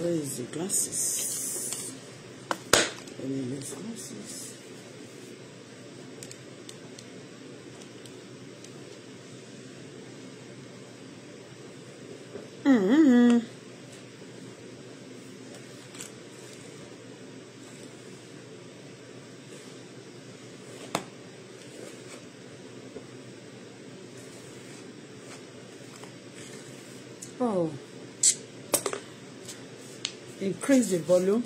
Where is the glasses? I mean, there's glasses. Mm -hmm. Oh increase the volume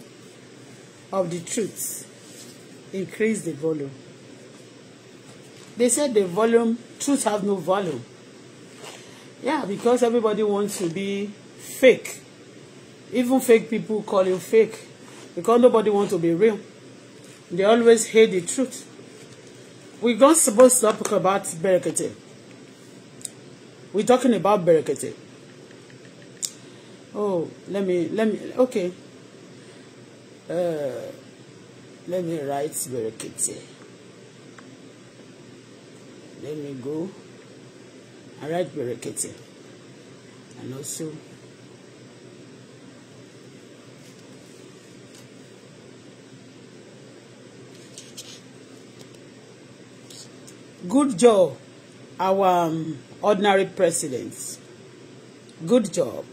of the truth. Increase the volume. They said the volume, truth have no volume. Yeah, because everybody wants to be fake. Even fake people call you fake. Because nobody wants to be real. They always hate the truth. We're not supposed to talk about barricade. We're talking about barricade. Oh, let me, let me, okay. Uh, let me write Berekete. Let me go. I write Berekete. And also, good job, our um, ordinary president. Good job.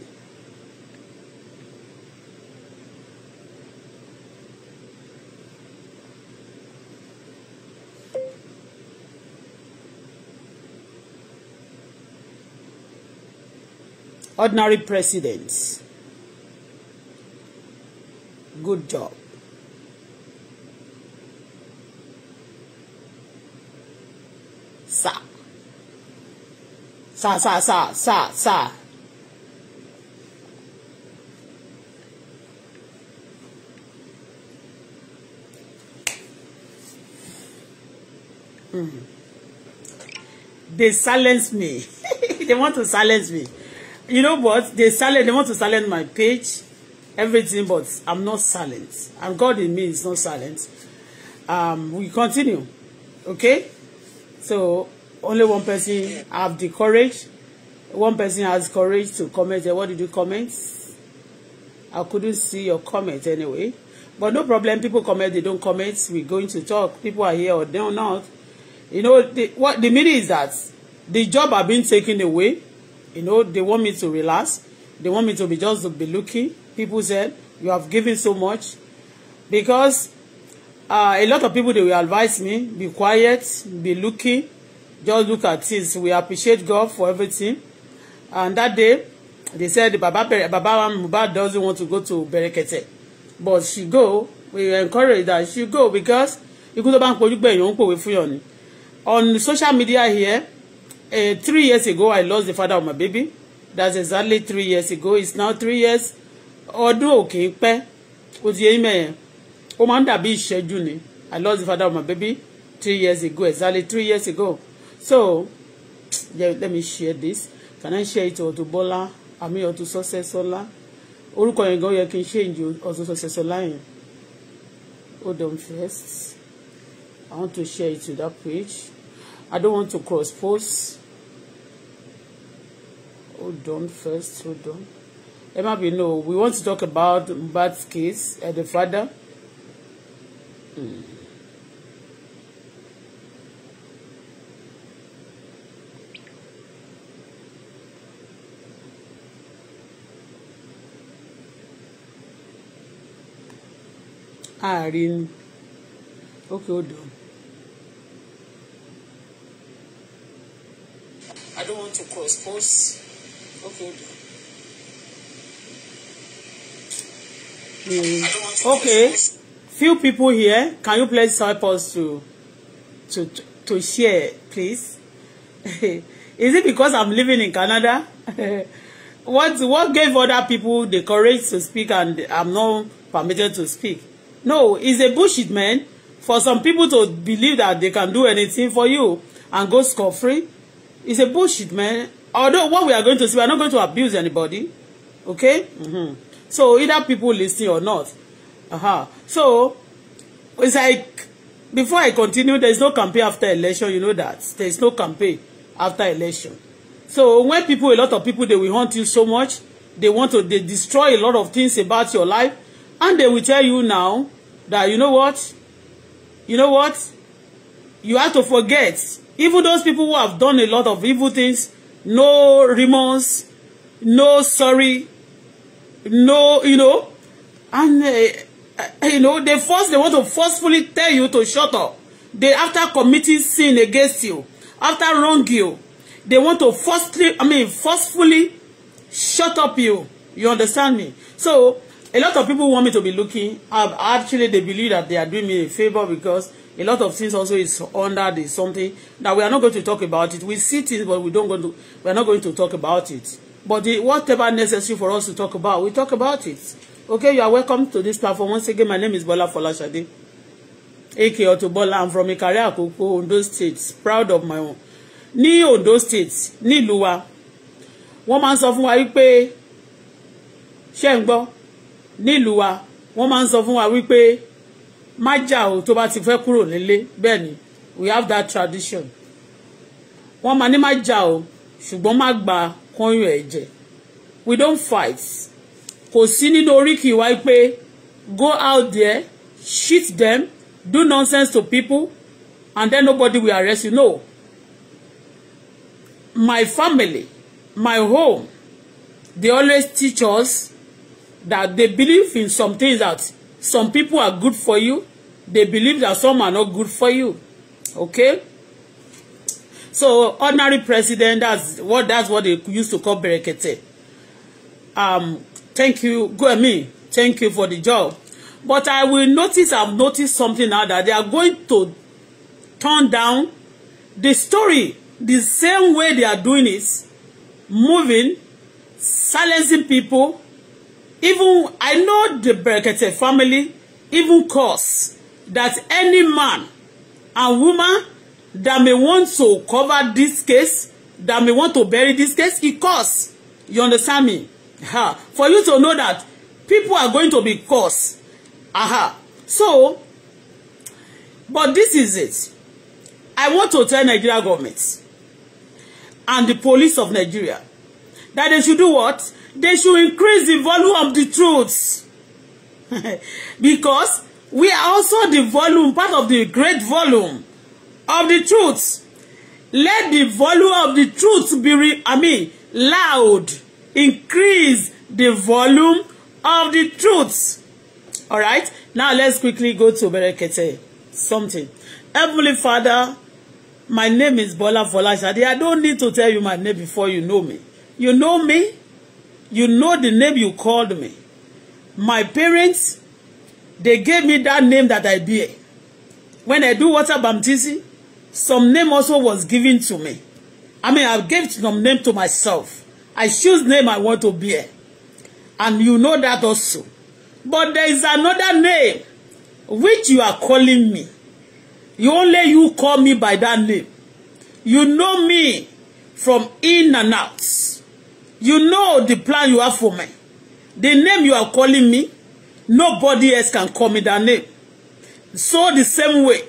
ordinary presidents. Good job. Sa. Sa, sa, sa, sa, sa. Mm. They silence me. they want to silence me you know what? They silent. They want to silent my page, everything. But I'm not silent. And God in me is not silent. Um, we continue, okay? So only one person have the courage. One person has courage to comment. What did you comment? I couldn't see your comment anyway. But no problem. People comment. They don't comment. We're going to talk. People are here or they're not. You know, the, what the meaning is that the job have been taken away You know, they want me to relax. They want me to be just to be looking. People said, you have given so much. Because uh, a lot of people, they will advise me, be quiet, be looking. Just look at things. We appreciate God for everything. And that day, they said Baba Baba Mohbad doesn't want to go to Berekete. But she go. We encourage that she go because ikú tó bá ń On social media here, uh, three years ago I lost the father of my baby that's exactly three years ago it's now three years ọdún òkè pẹ́ o ti yẹ yín mẹ́yẹn ó máa ń dàbí ìṣẹ́jú ni I lost the father of my baby three years ago exactly three years ago so yeah, let me share this can I share it to Otu Bola àmì Auto Otu Ola orúkọ yẹn gan yẹ kí n change Auto Success Ola yẹn hold on first I want to share it to that page I don't want to cross post hold on first hold on Emma, we bínú we want to talk about Mohbad's case uh, the father. Hmm. ààrin ah, okay hold on. I don't want to cross post Mm. Okay. Few people here. Can you please help us to to to share, please? Is it because I'm living in Canada? What what gave other people the courage to speak and I'm not permitted to speak? No, it's a bullshit, man. For some people to believe that they can do anything for you and go score free it's a bullshit, man although what we are going to see, we are not going to abuse anybody. Okay? Mm-hmm. So either people listening or not. Uh-huh. So it's like before I continue, there is no campaign after election. You know that there is no campaign after election. So when people, a lot of people, they will haunt you so much. They want to, they destroy a lot of things about your life, and they will tell you now that you know what, you know what, you have to forget. Even those people who have done a lot of evil things, no remorse, no sorry, no, you know, and, uh, uh, you know, they force, they want to forcefully tell you to shut up. They, after committing sin against you, after wrong you, they want to forcefully, I mean, forcefully shut up you. You understand me? So, a lot of people want me to be looking. I've, actually, they believe that they are doing me a favor because a lot of things also is under the something that we are not going to talk about it. We see things, but we don't going to. We are not going to talk about it. But the, whatever necessary for us to talk about, we talk about it. Okay, you are welcome to this platform once again. My name is Bola Folashade, aka Auto Bola. I'm from Ikaria, Akoko, Ondo State. Proud of my own. Ni Ondo State, nílùú wa, wọ́n máa ń sọ fún wa wípé ṣé ń gbọ́ nílùú wa wọ́n máa ń má jà o tó bá ti fẹ́ kúrò nílé bẹ́ẹ̀ ni we have that tradition wọ́n máa ní má jà o ṣùgbọ́n má gba kọ́yún ẹ̀jẹ̀ we don't fight kò sí nínú oríkì wa pé go out there shoot them do nonsense to people and then nobody will arrest you no my family my home they always teach us that they believe in some things that Some people are good for you. They believe that some are not good for you. Okay? So ordinary president, that's what that's what they used to call Berekete. Um, thank you, Gwemi. Thank you for the job. But I will notice, I've noticed something now that they are going to turn down the story the same way they are doing is moving, silencing people, even I know the Brekete family even cause that any man and woman that may want to cover this case, that may want to bury this case, it cause. You understand me? Aha. For you to know that people are going to be cause. Aha. So, but this is it. I want to tell Nigeria government and the police of Nigeria that they should do what? they should increase the volume of the truth. because we are also the volume, part of the great volume of the truth. Let the volume of the truth be, re I mean, loud. Increase the volume of the truth. All right. Now let's quickly go to Berekete. Something. Heavenly Father, my name is Bola Folashade. I don't need to tell you my name before you know me. You know me. You know the name you called me. My parents, they gave me that name that I bear. When I do water baptism, some name also was given to me. I mean, I gave some name to myself. I choose name I want to bear. And you know that also. But there is another name which you are calling me. You only you call me by that name. You know me from in and out. You know the plan you have for me. The name you are calling me, nobody else can call me that name. So the same way,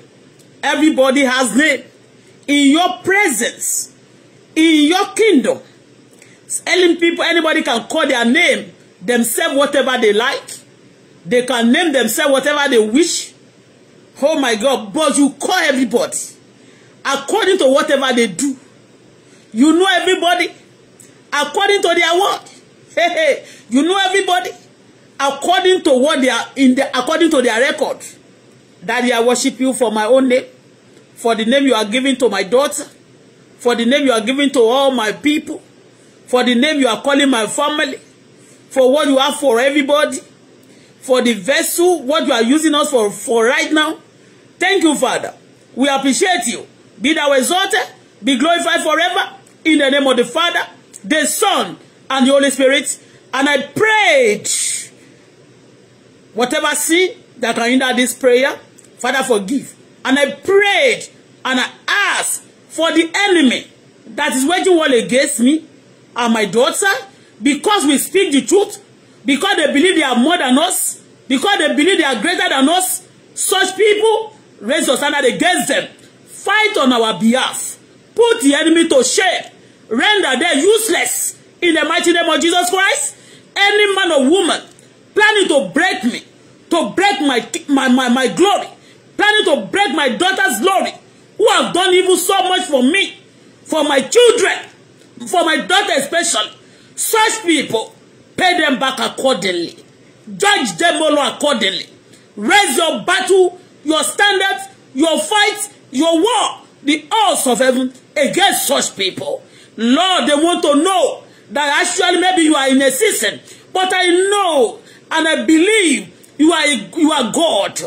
everybody has name. In your presence, in your kingdom, telling people, anybody can call their name, themselves whatever they like. They can name themselves whatever they wish. Oh my God, but you call everybody according to whatever they do. You know everybody according to their word hey, hey, you know everybody according to what they are in the according to their record daddy I worship you for my own name for the name you are giving to my daughter for the name you are giving to all my people for the name you are calling my family for what you are for everybody for the vessel what you are using us for for right now thank you father we appreciate you be thou exalted be glorified forever in the name of the father the Son, and the Holy Spirit. And I prayed. Whatever sin that can hinder this prayer, Father, forgive. And I prayed and I asked for the enemy that is waging war against me and my daughter because we speak the truth, because they believe they are more than us, because they believe they are greater than us. Such people raise your standard against them. Fight on our behalf. Put the enemy to shame. Render them useless in the mighty name of Jesus Christ. Any man or woman planning to break me, to break my, my, my, my glory, planning to break my daughter's glory, who have done evil so much for me, for my children, for my daughter especially, such people, pay them back accordingly. Judge them all accordingly. Raise your battle, your standards, your fight, your war, the hosts of heaven against such people. Lord, they want to know that actually maybe you are in a season. But I know and I believe you are you are God.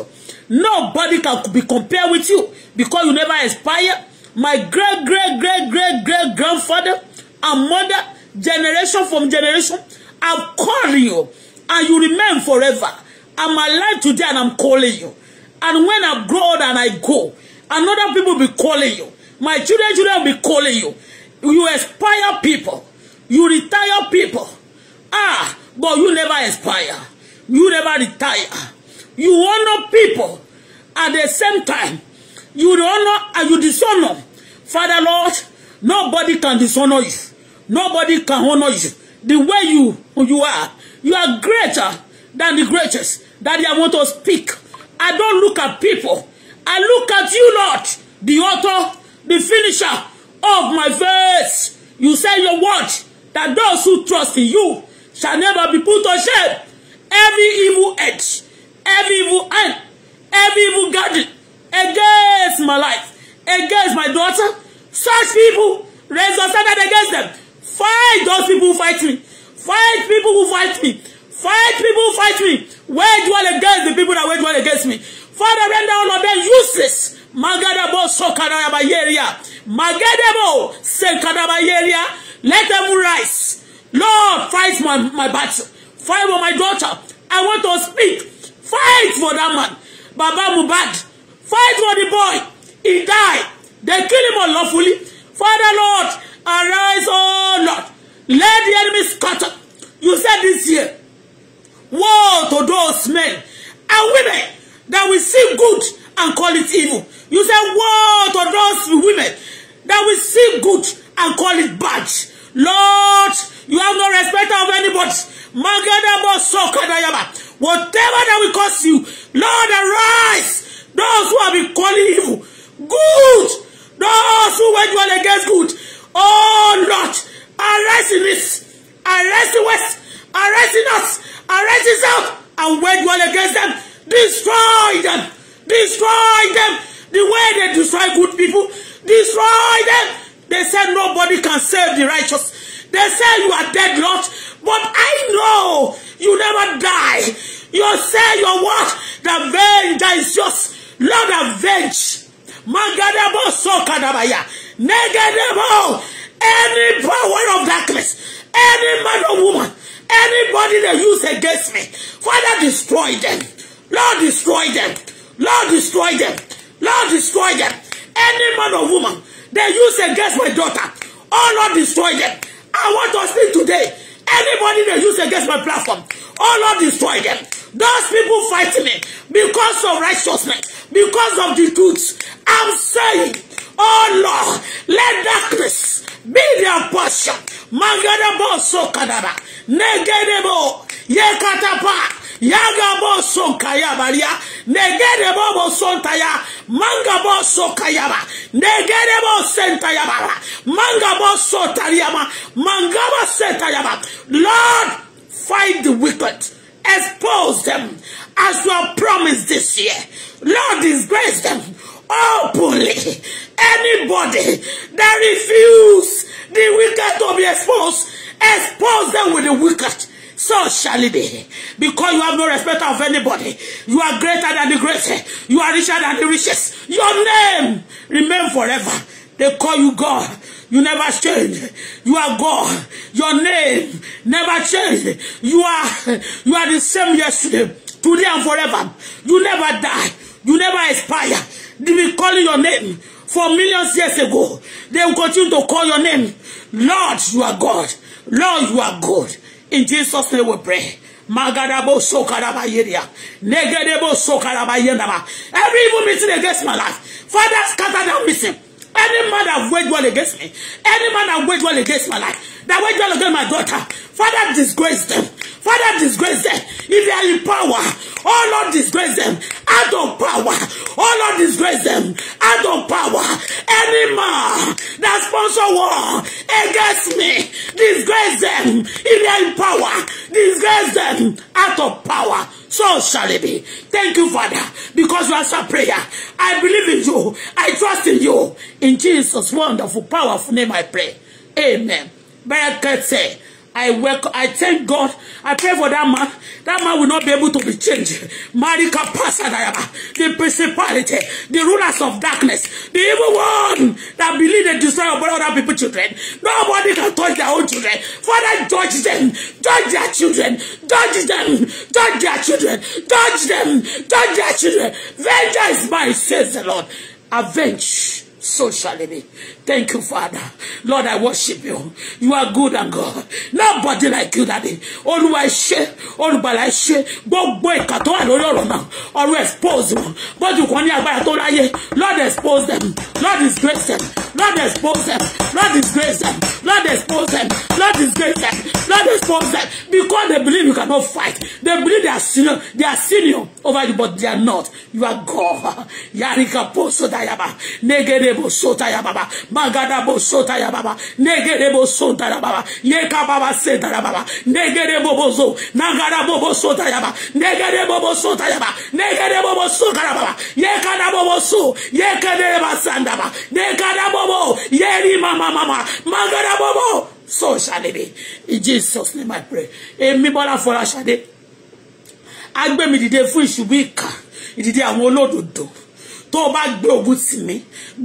Nobody can be compared with you because you never expire. My great great great great great grandfather and mother, generation from generation, I'm calling you and you remain forever. I'm alive today and I'm calling you. And when I grow old and I go, another people will be calling you. My children, children will be calling you. You expire people. You retire people. Ah, but you never expire. You never retire. You honor people. At the same time, you honor and you dishonor. Father Lord, nobody can dishonor you. Nobody can honor you. The way you you are, you are greater than the greatest. that I want to speak. I don't look at people. I look at you, Lord, the author, the finisher of my face. You say your word that those who trust in you shall never be put to shame. Every evil edge, every evil end, every evil garden against my life, against my daughter, such people raise your standard against them. Fight those people who fight me. Fight people who fight me. Fight people who fight me. Wage war against the people that wage war against me. Father, render all of them useless. Magadabo Sokaraba Yeria. Magadabo Senkaraba Yeria. Let them rise. Lord, fight my, my battle. Fight for my daughter. I want to speak. Fight for that man. Baba Mubad. Fight for the boy. He died. They kill him unlawfully. Father Lord, arise, oh Lord. Let the enemy scatter. You said this year. War to those men and women that will see good and call it evil. You say woe to those women that will see good and call it bad. Lord, you have no respect of anybody. Whatever that will cause you, Lord, arise. Those who have been calling evil, good. Those who wage war against good. Oh Lord, arise in this. Arise in west. Arise in us. Arise in south. And wage war against them. Destroy them. Destroy them the way they destroy good people. Destroy them. They say nobody can save the righteous. They say you are dead, Lord. But I know you never die. You say your what? the venge is just Lord, avenge. Magadabo sokadabaya. Negadabo. Any power of darkness, any man or woman, anybody they use against me, Father, destroy them. Lord, destroy them. Lord, destroy them. Lord, destroy them. Any man or woman they use against my daughter, oh Lord, destroy them. I want to speak today. Anybody they use against my platform, oh Lord, destroy them. Those people fighting me because of righteousness, because of the truth. I'm saying, oh Lord, let darkness be their portion. Magadabo so kadaba. Negadebo. Yekatapa yaga bo son kaya baria negere bo bo son taya manga bo so kaya ba negere bo sen taya ba manga bo so taria ma manga bo sen taya ba Lord fight the wicked expose them as you have promised this year Lord disgrace them openly anybody that refuse the wicked to be exposed expose them with the wicked so shall it be. Because you have no respect of anybody. You are greater than the greatest. You are richer than the richest. Your name remains forever. They call you God. You never change. You are God. Your name never change. You are you are the same yesterday, today and forever. You never die. You never expire. They will call your name for millions years ago. They will continue to call your name. Lord, you are God. Lord, you are God. In Jesus' name we pray. Magadabo sokaraba yeria. negadabo sokaraba yendaba. Every evil meeting against my life. Father, scatter that meeting. Any man that wage war against me, any man that wage war against my life, that wage war against my daughter, Father, disgrace them. Father, disgrace them. If they are in power, oh Lord, disgrace them. Out of power, oh Lord, disgrace them. Out of power, any man that sponsor war against me, disgrace them. If they are in power, disgrace them. Out of power so shall it be. Thank you, Father, because you answer prayer. I believe in you. I trust in you. In Jesus' wonderful, powerful name I pray. Amen. Bẹ́ẹ̀kẹ́tẹ̀ I welcome, I thank God. I pray for that man. That man will not be able to be changed. Marika Pasadayaba, the principality, the rulers of darkness, the evil one that believe they destroy other people's children. Nobody can touch their own children. Father, judge them, judge their children, judge them, judge their children, judge them, judge their children. Vengeance my says the Lord. Avenge so shall it be. Thank you, Father. Lord, I worship you. You are good and God. Nobody like you, Daddy. Olúwa ṣe, olùgbàlà ṣe, gbogbo ìkà tó wà all your náà, ọ̀rọ̀ expose wọn. Bọ́jú kan ní agbára tó láyé. Lord expose them. Lord disgrace them. Lord expose them. Lord disgrace them. Lord expose them. Lord disgrace them. Lord expose them. Because they believe you cannot fight. They believe they are senior. They are senior over you, but they are not. You are God. Yarika Poso Dayaba. negative negerebo sota ya baba magadabo sota ya baba negerebo sota ya baba yeka baba seta ya baba negerebo bozo nagarabo bo sota ya baba negerebo bo sota ya baba negerebo bo soka ya baba yeka dabo bo so yeka dereba sanda baba neka dabo bo yeri mama mama magada bo so shall it be in Jesus name I pray èmi Bọ́lá Fọláṣadé agbemi dìde fún ìṣubú ìkà ìdìde àwọn olódodo tó o bá gbé ogun tì mí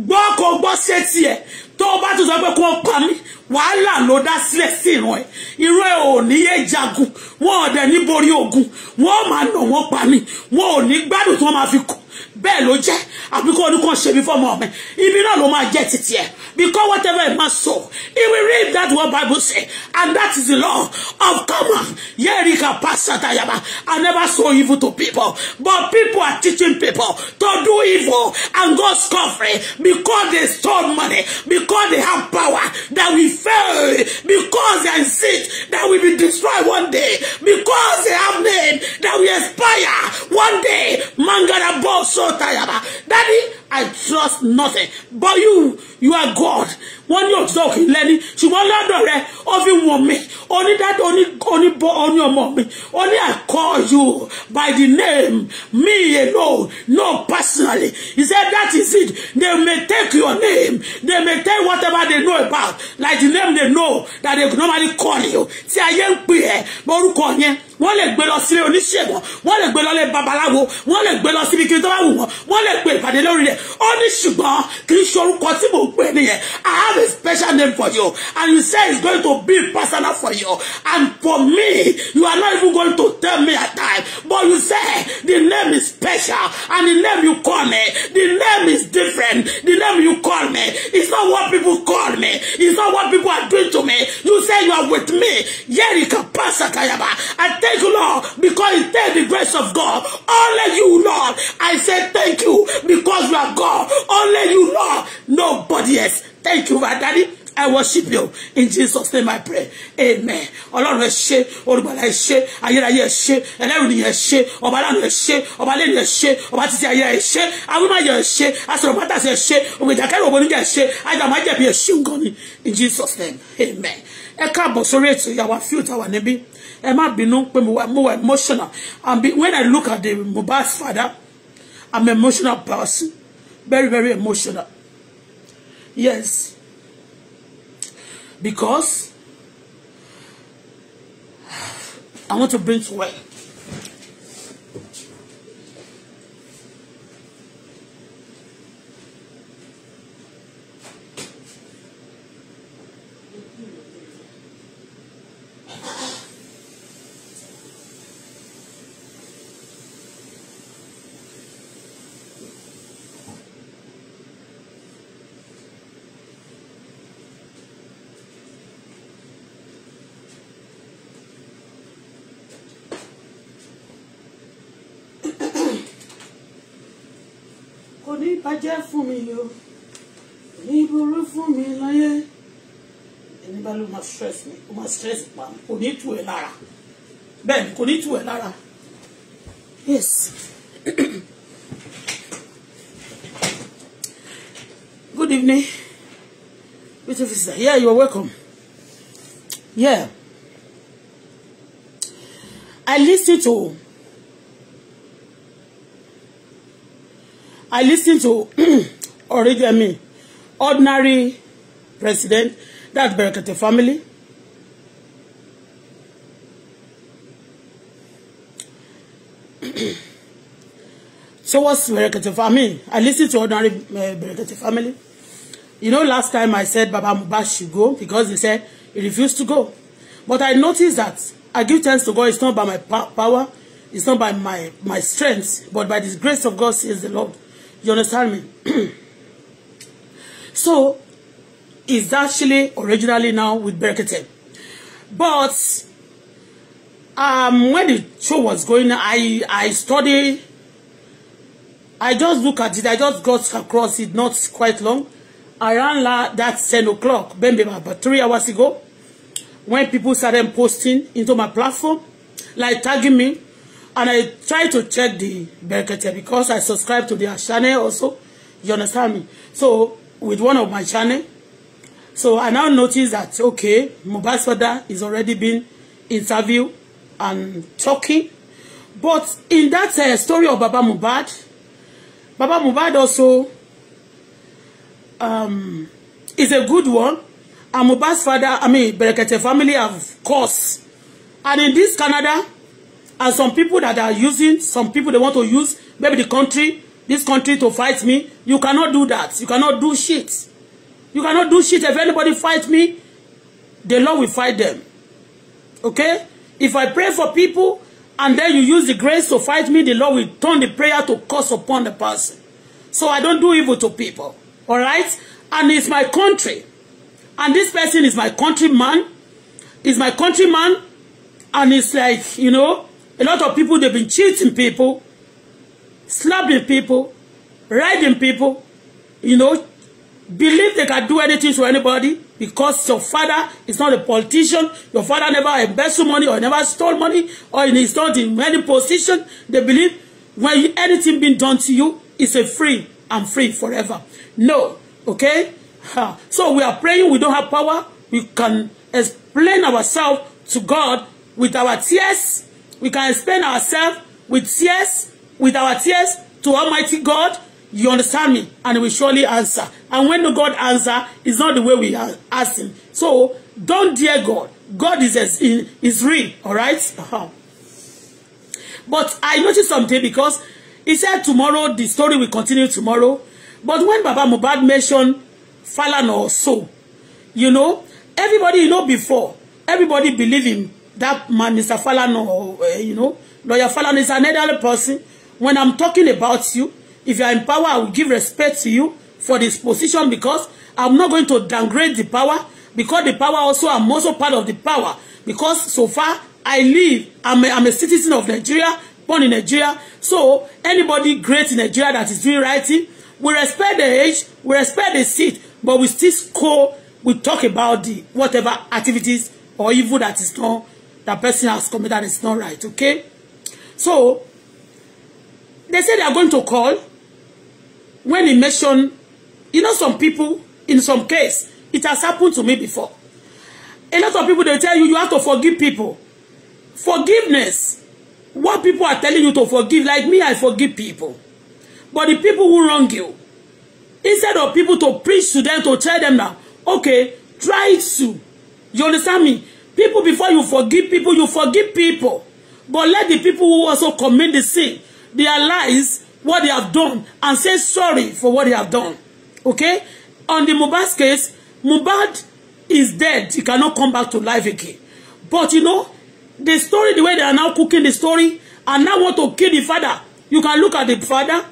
gbọ́ kó o gbọ́ ṣé tiẹ̀ tó o bá tún sọ pé kó o pa mí wàhálà ló dá sílẹ̀ sí ìran ẹ̀ ìran ẹ̀ ò ní yé jagun wọn ò dẹ̀ ní borí ogun wọn ò máa nà wọn pa mí wọn ò ní gbádùn tí wọ́n máa fi kọ́ bẹ́ẹ̀ ló jẹ́ àbí kó ní kàn ṣe mí fọ́mọ mi ibi náà ló máa jẹ́ títí ẹ̀ because whatever it must sow he will reap that what Bible say and that is the law of common yerika pasatayaba I never sow evil to people but people are teaching people to do evil and go scoffing because they stole money because they have power that we fail because they are that we be destroyed one day because they have name that we expire one day mangara bosso don't Daddy, I trust nothing but you you are God wọ́n ní òtítọ́ òkè lẹ́ni ṣùgbọ́n lọ́dọ̀ rẹ ó fi wọ̀n mi onídàájọ́ oníbọ́ oní ọmọ mi ó ní I call you by the name me alone no personally he said that is it they may take your name they may take whatever they know about like the name they know that they normally call you tí ayé ń pè ẹ́ orúkọ yẹn wọ́n lè gbé lọ sílé oníṣègùn wọ́n lè gbé lọ lé babaláwo wọ́n lè gbé lọ síbi kí n tó bá wù wọ́n wọ́n lè gbé ìpàdé lórí rẹ̀ Only sugar, Christian, kì í ṣe orúkọ I have a special name for you and you say it's going to be personal for you and for me you are not even going to tell me at time but you say the name is special and the name you call me the name is different the name you call me it's not what people call me it's not what people are doing to me you say you are with me yerika pasakayaba I thank you Lord because it take the grace of God only you Lord I say thank you because you are God. Only you, Lord. Nobody else. Thank you, my daddy. I worship you. In Jesus' name I pray. Amen. Ọlọ́run ẹ ṣé, olùgbàlà ẹ ṣé, ayérayé ẹ ṣé, ẹlẹ́rù ni ẹ ṣé, ọba aláàánú ẹ ṣé, ọba lẹ́nu ẹ ṣé, ọba títí ayé ẹ ṣé, awúmáyọ ẹ ṣé, asọ̀rọ̀ pátàsì ẹ ṣé, ògbèjàkẹ́rù ògbóníjà ẹ In Jesus' name, amen. Ẹ káàbọ̀ sórí ètò ìyàwó àfíù táwa níbí. Ẹ má bínú pé mo wà emotional. And when I look at the Mohbad's father, I'm an emotional person very, very emotional. Yes. Because I want to bring to well. bàjẹ́ fún mi o ní burú fún mi láyé ẹni bá ló máa stress mi ó máa stress pa mi kò ní tù ẹ lára bẹ́ẹ̀ ni kò ní tù ẹ lára yes good evening beautiful sister yeah you are welcome yeah I listen to. I listen to already ordinary president that Berekete family. So what's Berekete family, I listen to ordinary uh, Berekete family. You know, last time I said Baba Mubash should go because he said he refused to go. But I noticed that I give thanks to God. It's not by my power, it's not by my, my strength, but by the grace of God, says the Lord. You understand me? So it's actually originally now with Berkete. But um, when the show was going, I I studied. I just look at it. I just got across it not quite long. Around la, that 10 o'clock, maybe about three hours ago, when people started posting into my platform, like tagging me, and I try to check the Brekete because I subscribe to their channel also. You understand me? So with one of my channel, so I now notice that okay, Mohbad's father is already been interviewed and talking, but in that uh, story of Baba Mubad, Baba Mubad also um, is a good one. And Mohbad's father, I mean Brekete family of course. and in this Canada. And some people that are using, some people they want to use maybe the country, this country to fight me. You cannot do that. You cannot do shit. You cannot do shit. If anybody fight me, the Lord will fight them. Okay? If I pray for people and then you use the grace to fight me, the Lord will turn the prayer to curse upon the person. So I don't do evil to people. All right? And it's my country. And this person is my countryman. Is my countryman. And it's like, you know, A lot of people, they've been cheating people, slapping people, riding people, you know, believe they can do anything to anybody because your father is not a politician. Your father never embezzled money or never stole money or he's not in any position. They believe when anything being done to you, it's a free and free forever. No, okay? So we are praying. We don't have power. We can explain ourselves to God with our tears we can explain ourselves with tears with our tears to Almighty God you understand me and he will surely answer and when God answer it's not the way we ask him so don't dare God God is is, is real all right uh-huh. but I noticed something because he said tomorrow the story will continue tomorrow but when Baba Mohbad mentioned Falana or so you know everybody you know before everybody believe him that man, Mr. Falano, or, uh, eh, you know, lawyer Falano is an elderly person. When I'm talking about you, if you are in power, I will give respect to you for this position because I'm not going to downgrade the power because the power also, I'm also part of the power because so far I live, I'm a, I'm a citizen of Nigeria, born in Nigeria. So anybody great in Nigeria that is doing right we respect the age, we respect the seat, but we still score, we talk about the whatever activities or evil that is done that person has committed and it's not right, okay? So, they say they are going to call when he mentioned, you know, some people, in some case, it has happened to me before. A lot of people, they tell you, you have to forgive people. Forgiveness. What people are telling you to forgive, like me, I forgive people. But the people who wrong you, instead of people to preach to them, to tell them now, okay, try to, you understand me? People, before you forgive people, you forgive people. But let the people who also commit the sin realize what they have done and say sorry for what they have done. Okay? On the Mohbad's case, Mubad is dead. He cannot come back to life again. But you know, the story, the way they are now cooking the story, and now want to kill the father. You can look at the father.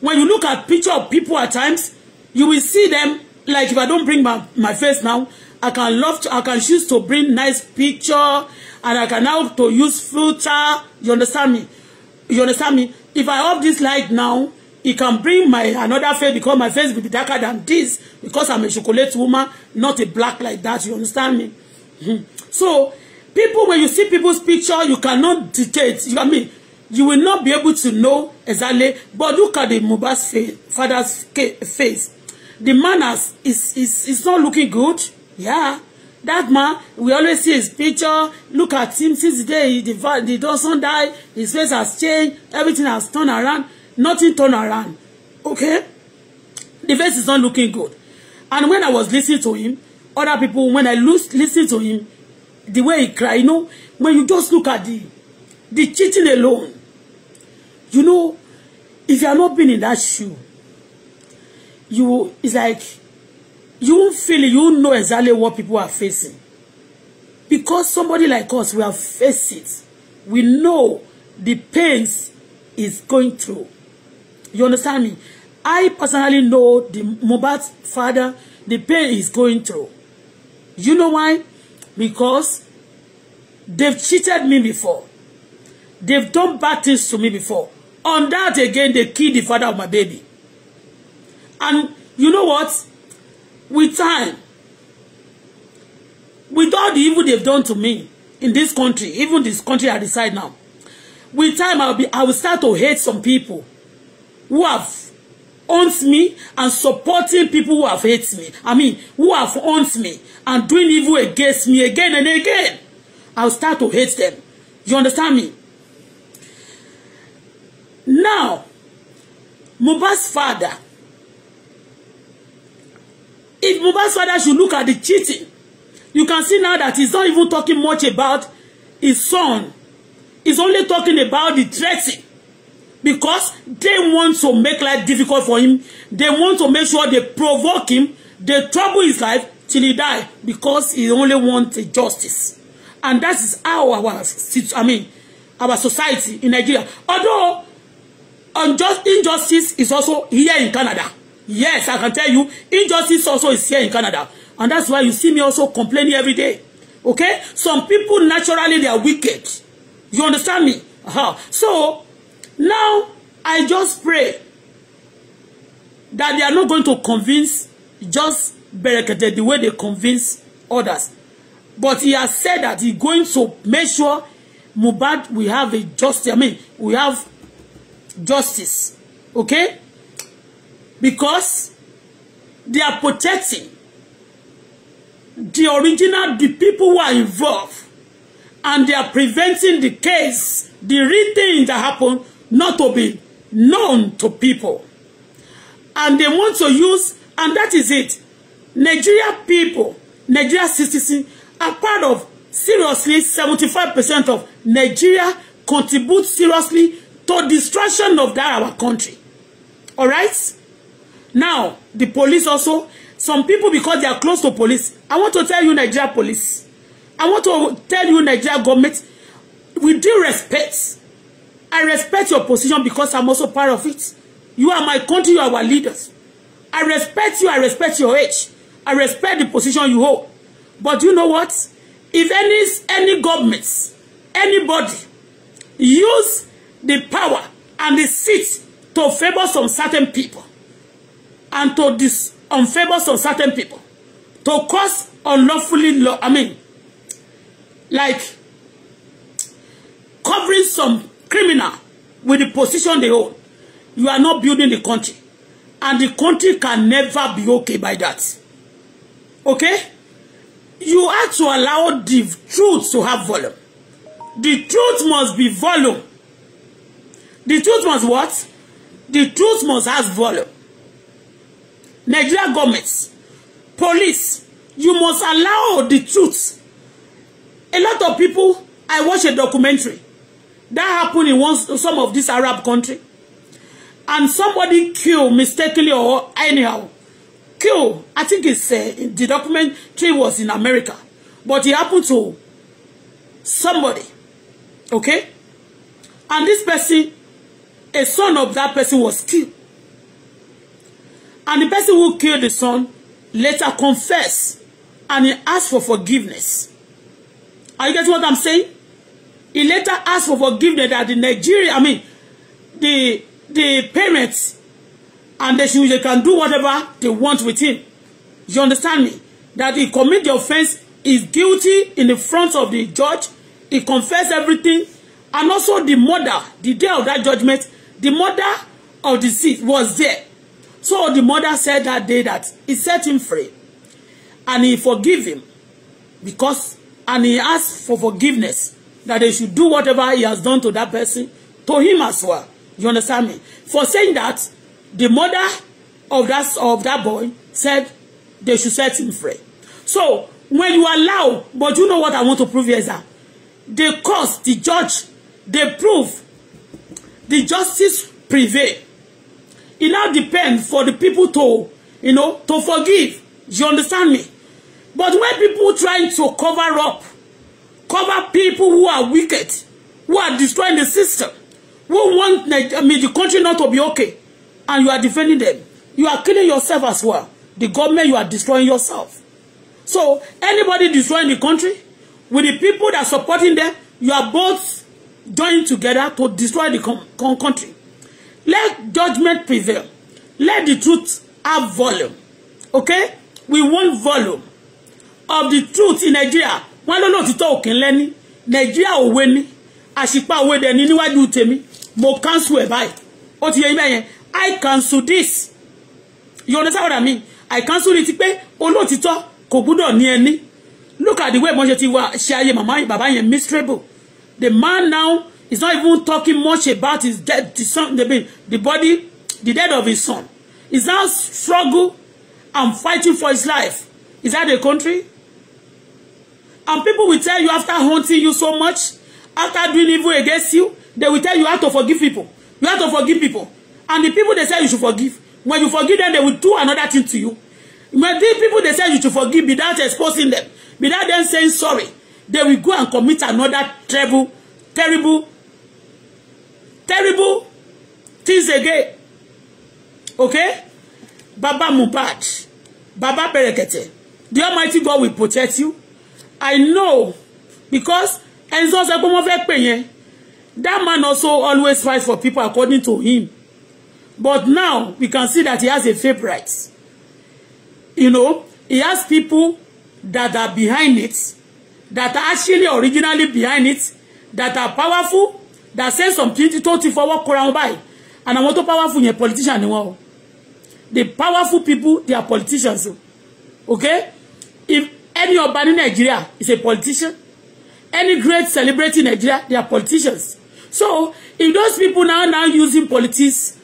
When you look at picture of people at times, you will see them, like if I don't bring my, my face now, I can love to, I can choose to bring nice picture and I can now to use filter. You understand me? You understand me? If I off this light now, it e can bring my another face because my face will be darker than this because I'm a chocolate woman, not a black like that. You understand me? Hmm. So people, when you see people's picture, you cannot dictate. You know what I mean? You will not be able to know exactly. But look at the Mohbad's face, father's face. The man is, is, is not looking good. Yeah. That man, we always see his picture. Look at him since the day he, the, the doesn't die. His face has changed. Everything has turned around. Nothing turned around. Okay? The face is not looking good. And when I was listening to him, other people, when I listen to him, the way he cry, you know, when you just look at the, the cheating alone, you know, if you are not been in that shoe, you, is like, you feel it, you know exactly what people are facing. Because somebody like us, we have faced it. We know the pains is going through. You understand me? I personally know the Mohbad's father, the pain is going through. You know why? Because they've cheated me before. They've done bad things to me before. On that again, they killed the father of my baby. And you know what? with time with all the evil they've done to me in this country even this country I reside now with time I'll be I will start to hate some people who have owns me and supporting people who have hated me. I mean, who have owns me and doing evil against me again and again. I'll start to hate them. You understand me? Now, Muba's father If Mohbad's father should look at the cheating, you can see now that he's not even talking much about his son. He's only talking about the dressing. Because they want to make life difficult for him. They want to make sure they provoke him. They trouble his life till he die. Because he only wants justice. And that is how our, I mean, our society in Nigeria. Although unjust injustice is also here in Canada. Yes, I can tell you, injustice also is here in Canada. And that's why you see me also complaining every day. Okay? Some people, naturally, they are wicked. You understand me? Uh-huh. So, now, I just pray that they are not going to convince just Berekete the way they convince others. But he has said that he's going to make sure Mohbad we have a justice. I mean, we have justice. Okay? because they are protecting the original, the people who are involved, and they are preventing the case, the real thing that happened, not to be known to people. And they want to use, and that is it. Nigeria people, Nigeria citizens, are part of seriously 75% of Nigeria contribute seriously to destruction of that our country. All right? Now, the police also, some people, because they are close to police, I want to tell you, Nigeria police, I want to tell you, Nigeria government, We do respect, I respect your position because I'm also part of it. You are my country, you are our leaders. I respect you, I respect your age. I respect the position you hold. But you know what? If any, any government, anybody, use the power and the seat to favor some certain people, and to dis unfavors some certain people to cause unlawfully law i mean like covering some criminal with the position they hold you are not building the country and the country can never be okay by that okay you have to allow the truth to have volume the truth must be volume the truth must what the truth must have volume Nigeria government, police, you must allow the truth. A lot of people, I watched a documentary. That happened in one, some of this Arab country. And somebody killed mistakenly or anyhow. Killed, I think it's uh, the documentary was in America. But it happened to somebody. Okay? And this person, a son of that person was killed. And the person who killed the son later confessed and he asked for forgiveness. Are you getting what I'm saying? He later asked for forgiveness that the Nigeria, I mean, the the parents, and they, should, they can do whatever they want with him. You understand me? That he commit the offense, is guilty in the front of the judge, he confessed everything, and also the mother, the day of that judgment, the mother of the deceased was there. So the mother said that day that he set him free and he forgive him because and he asked for forgiveness that they should do whatever he has done to that person to him as well. You understand me? For saying that the mother of that of that boy said they should set him free. So when you allow, but you know what I want to prove here is that the cause, the judge, the proof, the justice prevail it now depends for the people to, you know, to forgive. You understand me? But when people trying to cover up, cover people who are wicked, who are destroying the system, who want I mean, the country not to be okay, and you are defending them, you are killing yourself as well. The government, you are destroying yourself. So anybody destroying the country, with the people that supporting them, you are both joining together to destroy the country. Let judgment prevail. Let the truth have volume. Okay? We want volume of the truth in Nigeria. Wọ́n ló lòtítọ́ òkín lẹ́ni. Nigeria òwe ni. Àṣìpá òwe dẹ̀ ni níwájú tèmi. Mo cancel ẹ̀ báyìí. Ó ti yẹ ibẹ̀ yẹn. I cancel this. You understand what I mean? I cancel it pé olóòtítọ́ kò gbúdọ̀ ní ẹni. Look at the way mo ṣe ti wá ṣe ayé màmá bàbá yẹn miserable. The man now He's not even talking much about his death, the son, the, the body, the death of his son. He's now struggle and fighting for his life. Is that a country? And people will tell you after haunting you so much, after doing evil against you, they will tell you how to forgive people. You have to forgive people. And the people they say you should forgive, when you forgive them, they will do another thing to you. When the people they say you should forgive without exposing them, without them saying sorry, they will go and commit another terrible, terrible terrible things again okay baba Mohbad baba berekete the almighty god will protect you i know because Enzo tó sọ pé wọ́n that man also always fight for people according to him but now we can see that he has a favourite you know he has people that are behind it that are actually originally behind it that are powerful that say something tó ti fọwọ́ kọra wọn báyìí and àwọn tó powerful yẹn politician ni wọn o the powerful people they are politicians okay if any ọba ní Nigeria is a politician any great celebrity in Nigeria they are politicians so if those people now now using politics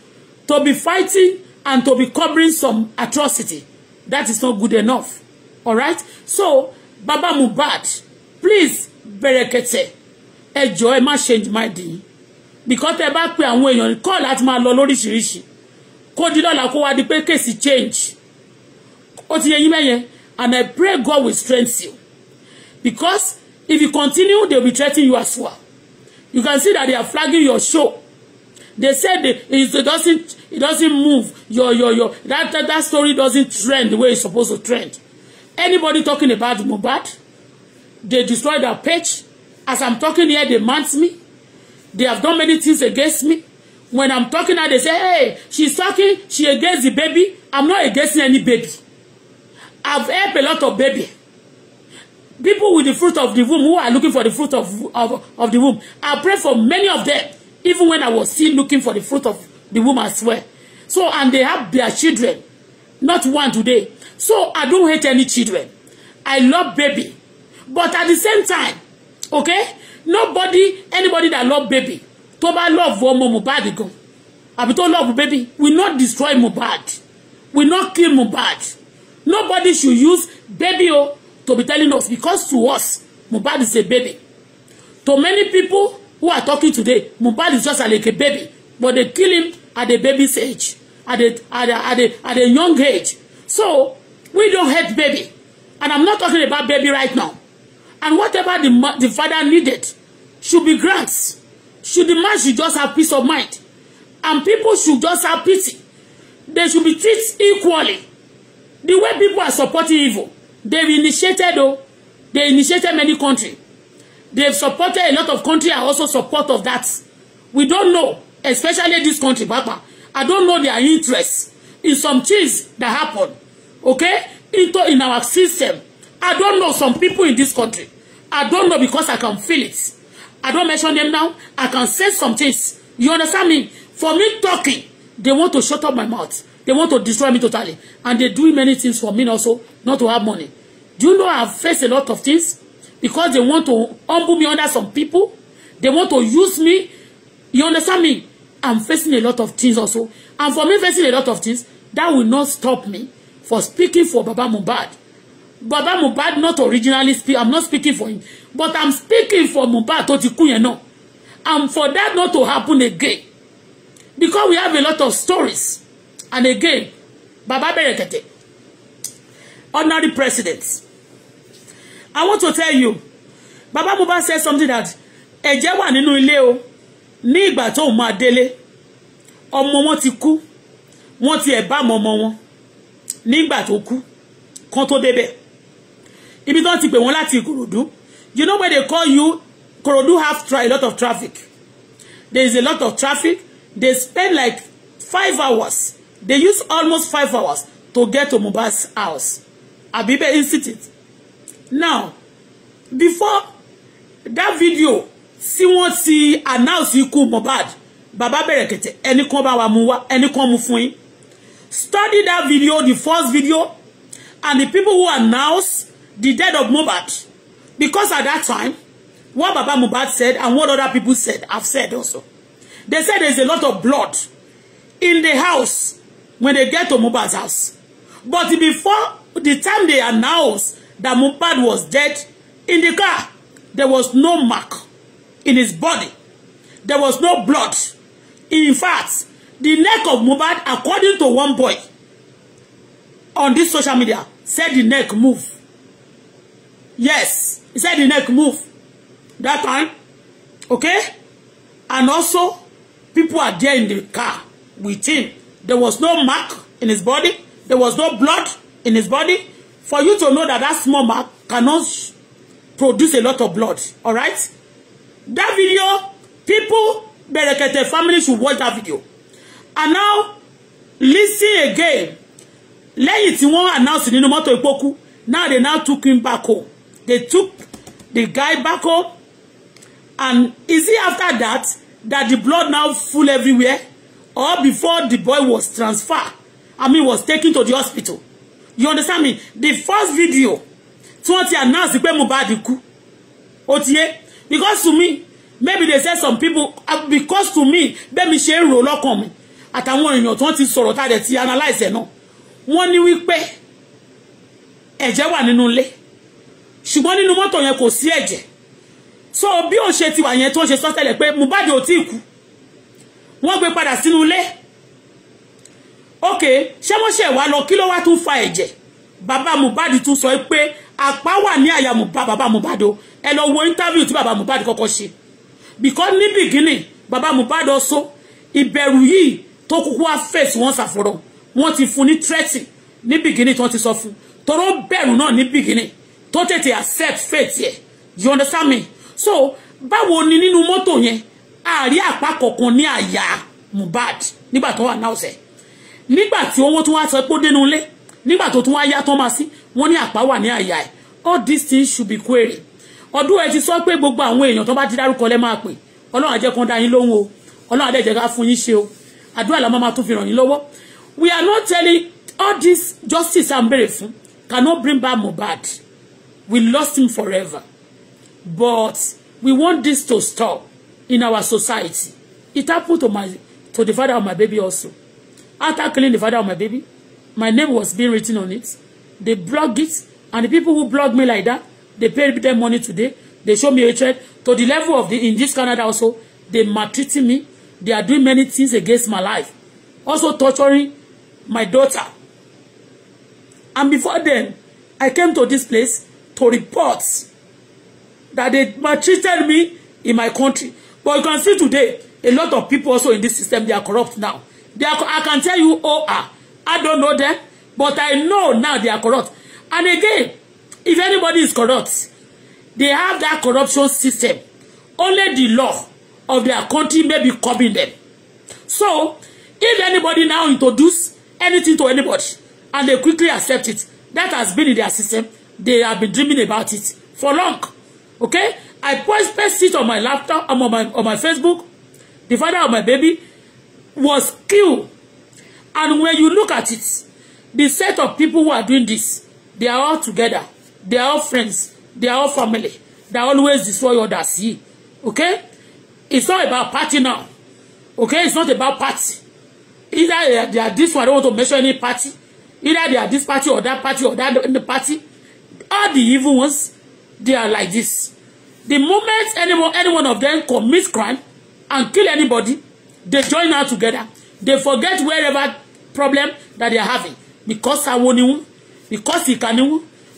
to be fighting and to be covering some atrocity that is not good enough all right so Baba Mohbad please bẹ̀rẹ̀kẹ̀tẹ̀ ẹ jọ̀ọ́ ẹ má change mind yìí because tẹ bá pe àwọn èèyàn kọ́ láti máa lọ lóríṣiríṣi kó di lọ́la kó wá di pé kèsì change ó ti yẹ yín mẹ́yẹn and I pray God will strengthen you because if you continue they will be threatening you as well you can see that they are flagging your show they said they, it, it doesn't it doesn't move your your your that, that that story doesn't trend the way it's supposed to trend anybody talking about Mohbad they destroy their page As I'm talking here, they mount me. They have done many things against me. When I'm talking now, they say, hey, she's talking, she against the baby. I'm not against any baby. I've helped a lot of baby. People with the fruit of the womb who are looking for the fruit of, of, of the womb. I pray for many of them, even when I was still looking for the fruit of the womb as well. So, and they have their children. Not one today. So, I don't hate any children. I love baby. But at the same time, okay nobody anybody that love baby tó bá love ọmọ Mohbad gan àbí tó love baby will not destroy Mohbad will not kill Mohbad nobody should use baby o to be telling us because to us Mohbad is a baby to many people who are talking today Mohbad is just like a baby but they kill him at a baby's age at a at a at a, at a young age so we don't hate baby and I'm not talking about baby right now And whatever the, the father needed should be grants. Should the man should just have peace of mind. And people should just have pity. They should be treated equally. The way people are supporting evil, they've initiated though, they initiated many countries. They've supported a lot of countries are also support of that. We don't know, especially this country, Papa. I don't know their interest in some things that happen, okay, into in our system I don't know some people in this country. I don't know because I can feel it. I don't mention them now. I can say some things. You understand me? For me talking, they want to shut up my mouth. They want to destroy me totally. And they do many things for me also, not to have money. Do you know I've faced a lot of things? Because they want to humble me under some people. They want to use me. You understand me? I'm facing a lot of things also. And for me facing a lot of things, that will not stop me for speaking for Baba Mohbad baba Mohbad not originally speak i'm not speaking for him but i'm speaking for Mohbad tó ti kú yẹn náà and for that not to happen again because we have a lot of stories and again baba Berekete honorary president i want to tell you baba Mohbad said something that ẹ̀jẹ̀ wà nínú ilé o ní ìgbà tóun máa délé ọmọ wọn ti kú wọ́n ti ẹ̀ bá ọmọ ọmọ wọn nígbà tó kú kán tó débẹ̀ ibi tó ti pè wọ́n láti Ìkòròdú you know where they call you Ìkòròdú have tra a lot of traffic there is a lot of traffic they spend like five hours they use almost five hours to get to Mohbad's house Abibe Institute now before that video tí wọ́n ti announce ikú Mohbad bàbá Bẹ̀rẹ̀kẹ̀tẹ̀ ẹni kan bá wa mú wá ẹni kan mú fún yín study that video the first video and the people who announce the death of Mohbad because at that time what Baba Mohbad said and what other people said I've said also they said there's a lot of blood in the house when they get to Mohbad's house but before the time they announced that Mohbad was dead in the car there was no mark in his body there was no blood in fact the neck of Mohbad according to one boy on this social media said the neck moved Yes. He said the neck move. That time. Okay? And also, people are there in the car with him. There was no mark in his body. There was no blood in his body. For you to know that that small mark cannot produce a lot of blood. All right? That video, people, Berekete family should watch that video. And now, listen again. Let tí wọ́n announce nínú mọ́tò ìpókú, now they now took him back home. They took the guy back home. And is it after that that the blood now full everywhere? Or before the boy was transferred? I mean, was taken to the hospital. You understand me? The first video, twenty wọ́n ti announce pé Mohbad kú. Ó ti Because to me, maybe they say some people, uh, because to me, bẹ́ẹ̀ mi ṣe ń rò lọ́kàn mi. Àtàwọn èèyàn tí wọ́n ti sọ̀rọ̀ tá a dẹ̀ ti analyse ẹ̀ náà. Wọ́n ní wípé ẹ̀jẹ̀ wà nínú ilé ṣùgbọ́n nínú mọ́tò yẹn kò sí ẹ̀jẹ̀ so bí òun ṣe ti wà yẹn tó ń ṣe sọ́tẹ̀lẹ̀ pé Mohbad ò tí ì kú wọ́n gbé padà sínú ilé ok ṣé wọ́n ṣe wá lọ kí ló wá tún fa ẹ̀jẹ̀ bàbá Mohbad tún sọ pé àpá wà ní àyà bàbá Mohbad ẹ lọ wo interview tí bàbá Mohbad kọ́kọ́ ṣe because ní beginning bàbá Mohbad sọ ìbẹ̀rù yìí tó kúkú wá fèsì wọ́n ṣàfọ̀rọ̀ wọ́n ti fún ní threat ní beginning tí wọ́n ti sọ fún toró bẹ̀rù náà ní beginning tó tètè accept faith yẹ you understand me so báwo ni nínú mọ́tò yẹn àárí àpá kọ̀ọ̀kan ní àyà Mohbad nígbà tó wà náà ọ̀sẹ̀ nígbà tí owó tún wá sọ pé ó dénú ilé nígbà tó tún wá yá tán máa sí wọ́n ní àpá wà ní àyà ẹ̀ all these things should be queried ọdún ẹ ti sọ pé gbogbo àwọn èèyàn tó bá ti dárúkọ lẹ́ máa pè ọlọ́run àjẹ́ kan dá yín lóhùn o ọlọ́run àdé ìjẹ́ká fún yín ṣe o àdúrà la máa tún fi ràn yín lọ́wọ́ we are not telling all this justice à ń béèrè cannot bring back Mohbad we lost him forever. But we want this to stop in our society. It happened to my to the father of my baby also. After killing the father of my baby, my name was being written on it. They blocked it, and the people who blocked me like that, they paid them money today. They show me hatred to the level of the in this Canada also. They maltreating me. They are doing many things against my life, also torturing my daughter. And before then, I came to this place to report that they maltreated me in my country. But you can see today, a lot of people also in this system, they are corrupt now. They are, I can tell you, oh, ah, I don't know them, but I know now they are corrupt. And again, if anybody is corrupt, they have that corruption system. Only the law of their country may be covering them. So, if anybody now introduce anything to anybody, and they quickly accept it, that has been in their system, they have been dreaming about it for long. Okay? I posted it on my laptop, on my, on my Facebook. The father of my baby was killed. And when you look at it, the set of people who are doing this, they are all together. They are all friends. They are all family. They always destroy others. Here. Okay? It's not about party now. Okay? It's not about party. Either they are, they are this one, I don't want to mention any party. Either they are this party or that party or that party all the evil ones, they are like this. The moment anyone, any one of them commit crime and kill anybody, they join out together. They forget wherever problem that they are having. Because I because he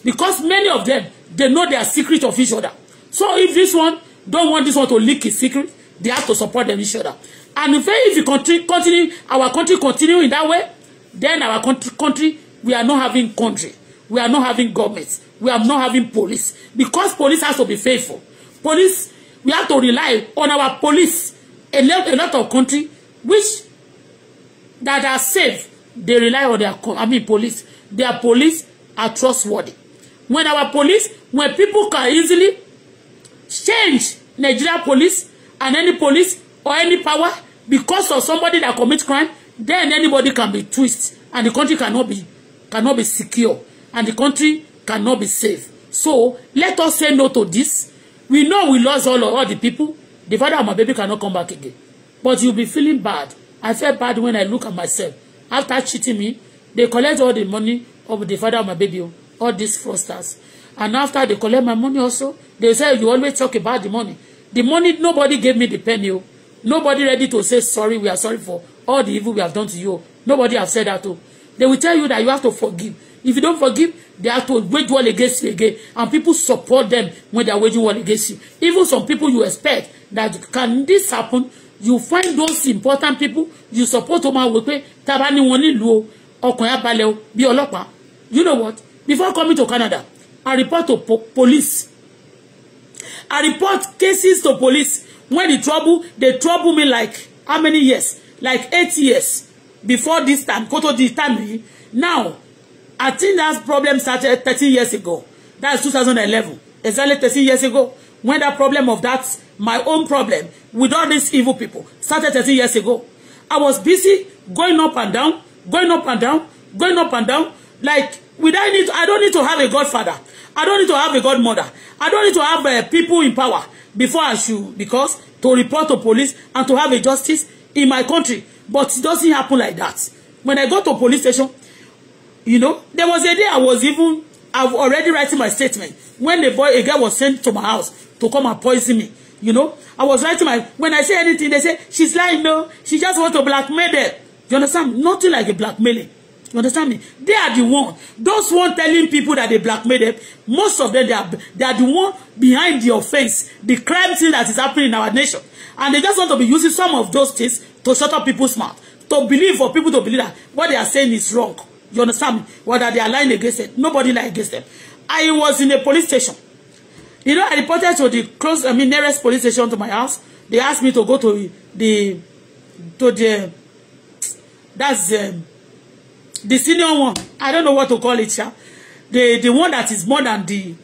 because many of them, they know their secret of each other. So if this one don't want this one to leak his secret, they have to support them each other. And if, if we continue, continue, our country continue in that way, then our country, country, we are not having country. We are not having governments. We are not having police. Because police has to be faithful. Police, we have to rely on our police. A lot, a lot of country which that are safe, they rely on their, I mean, police. Their police are trustworthy. When our police, when people can easily change Nigeria police and any police or any power because of somebody that commits crime, then anybody can be twisted and the country cannot be cannot be secure and the country cannot be saved. So let us say no to this. We know we lost all, all the people. The father of my baby cannot come back again. But you'll be feeling bad. I felt bad when I look at myself. After cheating me, they collect all the money of the father of my baby, oh, all these fraudsters. And after they collect my money also, they say, you always talk about the money. The money, nobody gave me the penny. Oh. Nobody ready to say, sorry, we are sorry for all the evil we have done to you. Oh. Nobody have said that. Too. They will tell you that you have to forgive. If you don't forgive, they have to wage war against you again. And people support them when they are waging war against you. Even some people you expect that can this happen, you find those important people you support ọmọ àwọn pé taba ni wọn nílùú o ọkàn yà you know what before coming to Canada I report to po police I report cases to police when the trouble they trouble me like how many years like eight years before this time kó tó di time now I think that problem started 13 years ago. That's 2011. Exactly 13 years ago. When that problem of that, my own problem, with all these evil people, started 13 years ago. I was busy going up and down, going up and down, going up and down. Like, without need, I don't need to have a godfather. I don't need to have a godmother. I don't need to have uh, people in power before I should, because to report to police and to have a justice in my country. But it doesn't happen like that. When I go to police station, You know, there was a day I was even, I've already writing my statement. When a boy, a guy was sent to my house to come and poison me. You know, I was writing my, when I say anything, they say, she's lying, no, she just wants to blackmail them. You understand? Nothing like a blackmailing. You understand me? They are the one. Those one telling people that they blackmail them, most of them, they are, they are the one behind the offense, the crime thing that is happening in our nation. And they just want to be using some of those things to shut up people's mouth, to believe for people to believe that what they are saying is wrong. You understand me? Whether they are lying against it, nobody lie against them. I was in a police station. You know, I reported to the close, I mean, nearest police station to my house. They asked me to go to the, to the, that's um, the senior one. I don't know what to call it, yeah. The, the one that is more than the,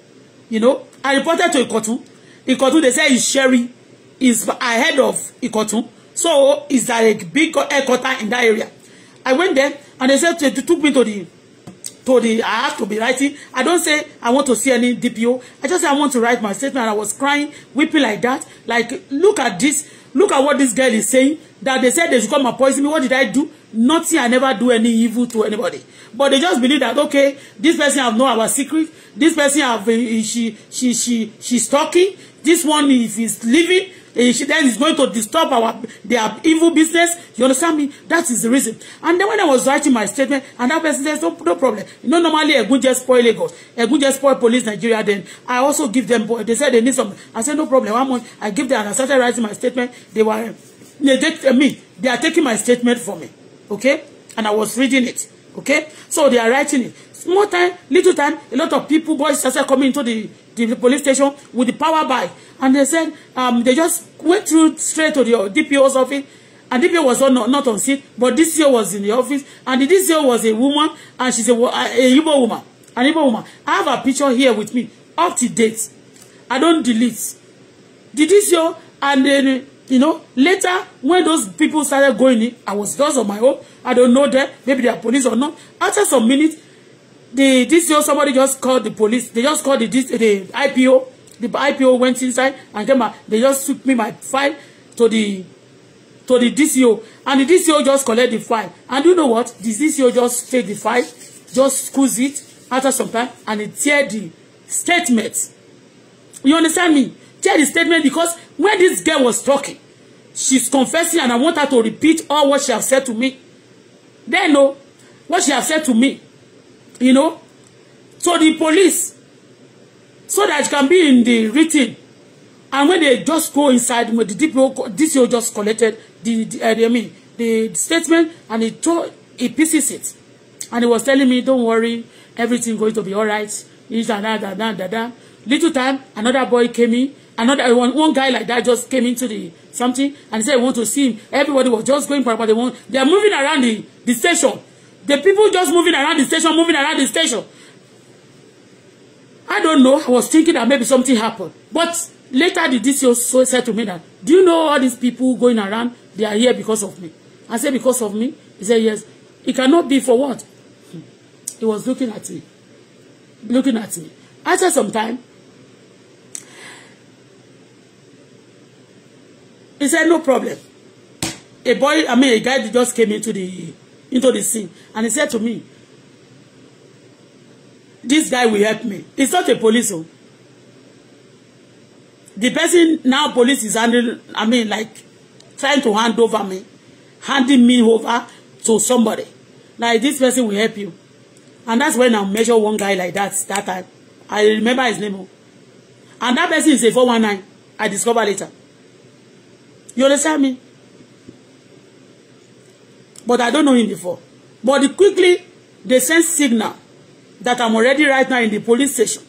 you know, I reported to Ikotu. Ikotu, they say, is Sherry, is ahead of Ikotu. So, is that a big headquarter in that area? I went there. And they said they took me to the to the I have to be writing. I don't say I want to see any DPO. I just say I want to write my statement. I was crying, weeping like that. Like, look at this. Look at what this girl is saying. That they said they should come and poison me. What did I do? Nothing. I never do any evil to anybody. But they just believe that okay, this person have know our secret. This person have uh, she she she she's talking. This one if he's living. Eh, she then is going to disturb our their evil business. You understand me? That is the reason. And then when I was writing my statement, and that person says, no, no problem. You know, normally a good just spoil Lagos. a good just spoil police Nigeria then. I also give them, they said they need some. I said, no problem. One month, I give them, and I started writing my statement. They were, they take uh, me. They are taking my statement for me. Okay? And I was reading it. Okay? So they are writing it. Small time, little time, a lot of people, boys started coming into the the police station with the power by. And they said um, they just went through straight to the uh, DPO's office. And DPO was on, not on seat, but this year was in the office. And the year was a woman, and she's a, uh, a Igbo woman. An Igbo woman. I have a picture here with me, up to date. I don't delete. The this year, and then, you know, later when those people started going in, I was just on my own. I don't know them. Maybe they are police or not. After some minutes, the DCO somebody just called the police they just called the this the IPO the IPO went inside and came out they just took me my file to the to the DCO and the DCO just collect the file and you know what the DCO just take the file just squeeze it after some time and it tear the statement you understand me tear the statement because when this girl was talking she's confessing and I want her to repeat all what she has said to me then no oh, what she has said to me you know, to the police so that it can be in the written. And when they just go inside, the DPO, DCO just collected the, uh, the I mean, the statement and he told, he pieces it. And he was telling me, don't worry, everything going to be all right. Da, da, da, da, da, da. Little time, another boy came in. Another uh, one, one guy like that just came into the something and said, I want to see him. Everybody was just going for what they want. They are moving around the, the station. The people just moving around the station, moving around the station. I don't know. I was thinking that maybe something happened. But later the DCO said to me that, do you know all these people going around? They are here because of me. I said, because of me? He said, yes. It cannot be for what? Hmm. He was looking at me. Looking at me. After some time, he said, no problem. A boy, I mean, a guy just came into the into the scene, and he said to me this guy will help me he's not a police o oh. the person now police is handling I mean like trying to hand over me handing me over to somebody like this person will help you and that's when I measure one guy like that that time I remember his name Oh, and that person is a 419 I discover later you understand me but I don't know him before. But the quickly, they send signal that I'm already right now in the police station.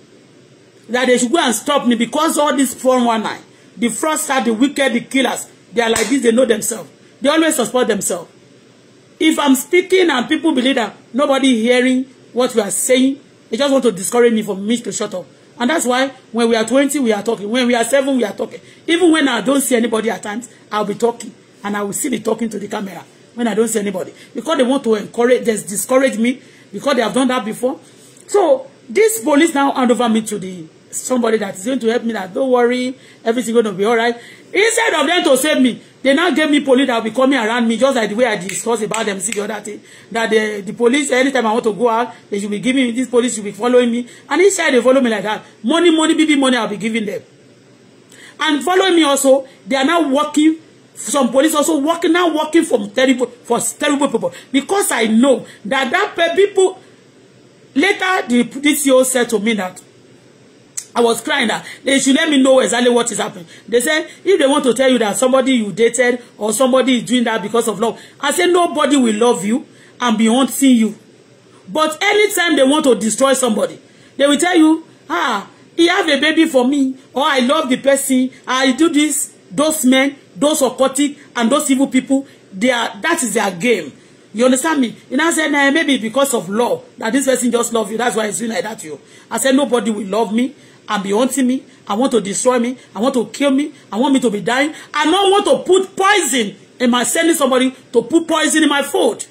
That they should go and stop me because all these 419, the fraudsters, the wicked, the killers, they are like this, they know themselves. They always support themselves. If I'm speaking and people believe that nobody hearing what we are saying, they just want to discourage me from me to shut up. And that's why when we are 20, we are talking. When we are 7, we are talking. Even when I don't see anybody at times, I'll be talking. And I will still be talking to the camera when I don't see anybody because they want to encourage, just discourage me because they have done that before. So this police now hand over me to the somebody that is going to help me that don't worry, everything going to be all right. Instead of them to save me, they now gave me police that will be coming around me just like the way I discussed about them see the other thing. That the, the police, anytime I want to go out, they should be giving me, this police should be following me. And instead they follow me like that. Money, money, baby money I'll be giving them. And following me also, they are now working some police also working now working from terrible for terrible people because I know that that people later the police DCO said to me that I was crying that they should let me know exactly what is happening. They said, if they want to tell you that somebody you dated or somebody is doing that because of love, I said, nobody will love you and be haunting you. But anytime they want to destroy somebody, they will tell you, ah, he have a baby for me, or I love the person, I do this. Those men, those occulti and those evil people, they are, that is their game. You understand me? You know, I said, nah, maybe because of law that this person just love you. That's why he's doing like that to you. I said, nobody will love me and be haunting me. I want to destroy me. I want to kill me. I want me to be dying. I don't want to put poison in my sending somebody to put poison in my food.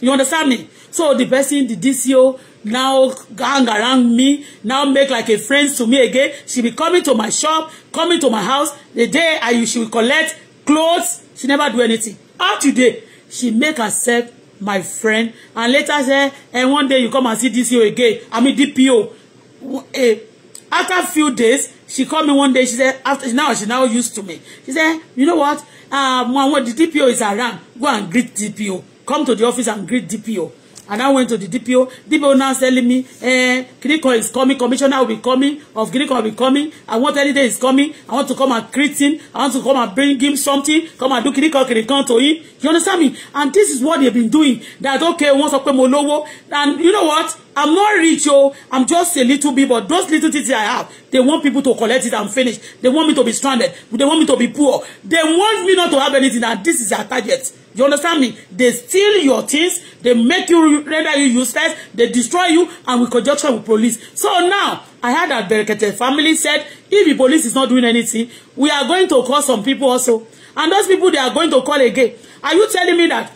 You understand me? So the person, the DCO, now gang around me, now make like a friend to me again. She be coming to my shop, coming to my house. The day I, she will collect clothes. She never do anything. Up today, she make herself my friend. And later say, and eh, one day you come and see DCO again. I mean DPO. Eh, after a few days, she called me one day. She said, after now she now used to me. She said, you know what? Um, ah, when the DPO is around, go and greet DPO. Come to the office and greet DPO. I now went to the DPO. DPO now telling me, eh, Kiriko is coming, commissioner will be coming, of Kiriko will be coming. I want anything is coming. I want to come and greet him. I want to come and bring him something. Come and do Kiriko Kiriko to him. You understand me? And this is what they've been doing. That okay, once upon Molowo. And you know what? I'm not rich, oh, I'm just a little bit, but those little things I have, they want people to collect it and finish. They want me to be stranded. They want me to be poor. They want me not to have anything, and this is their target. You understand me? They steal your things They make you render you useless. They destroy you and we conjecture with police. So now, I heard that Berekete family said, if the police is not doing anything, we are going to call some people also. And those people, they are going to call again. Are you telling me that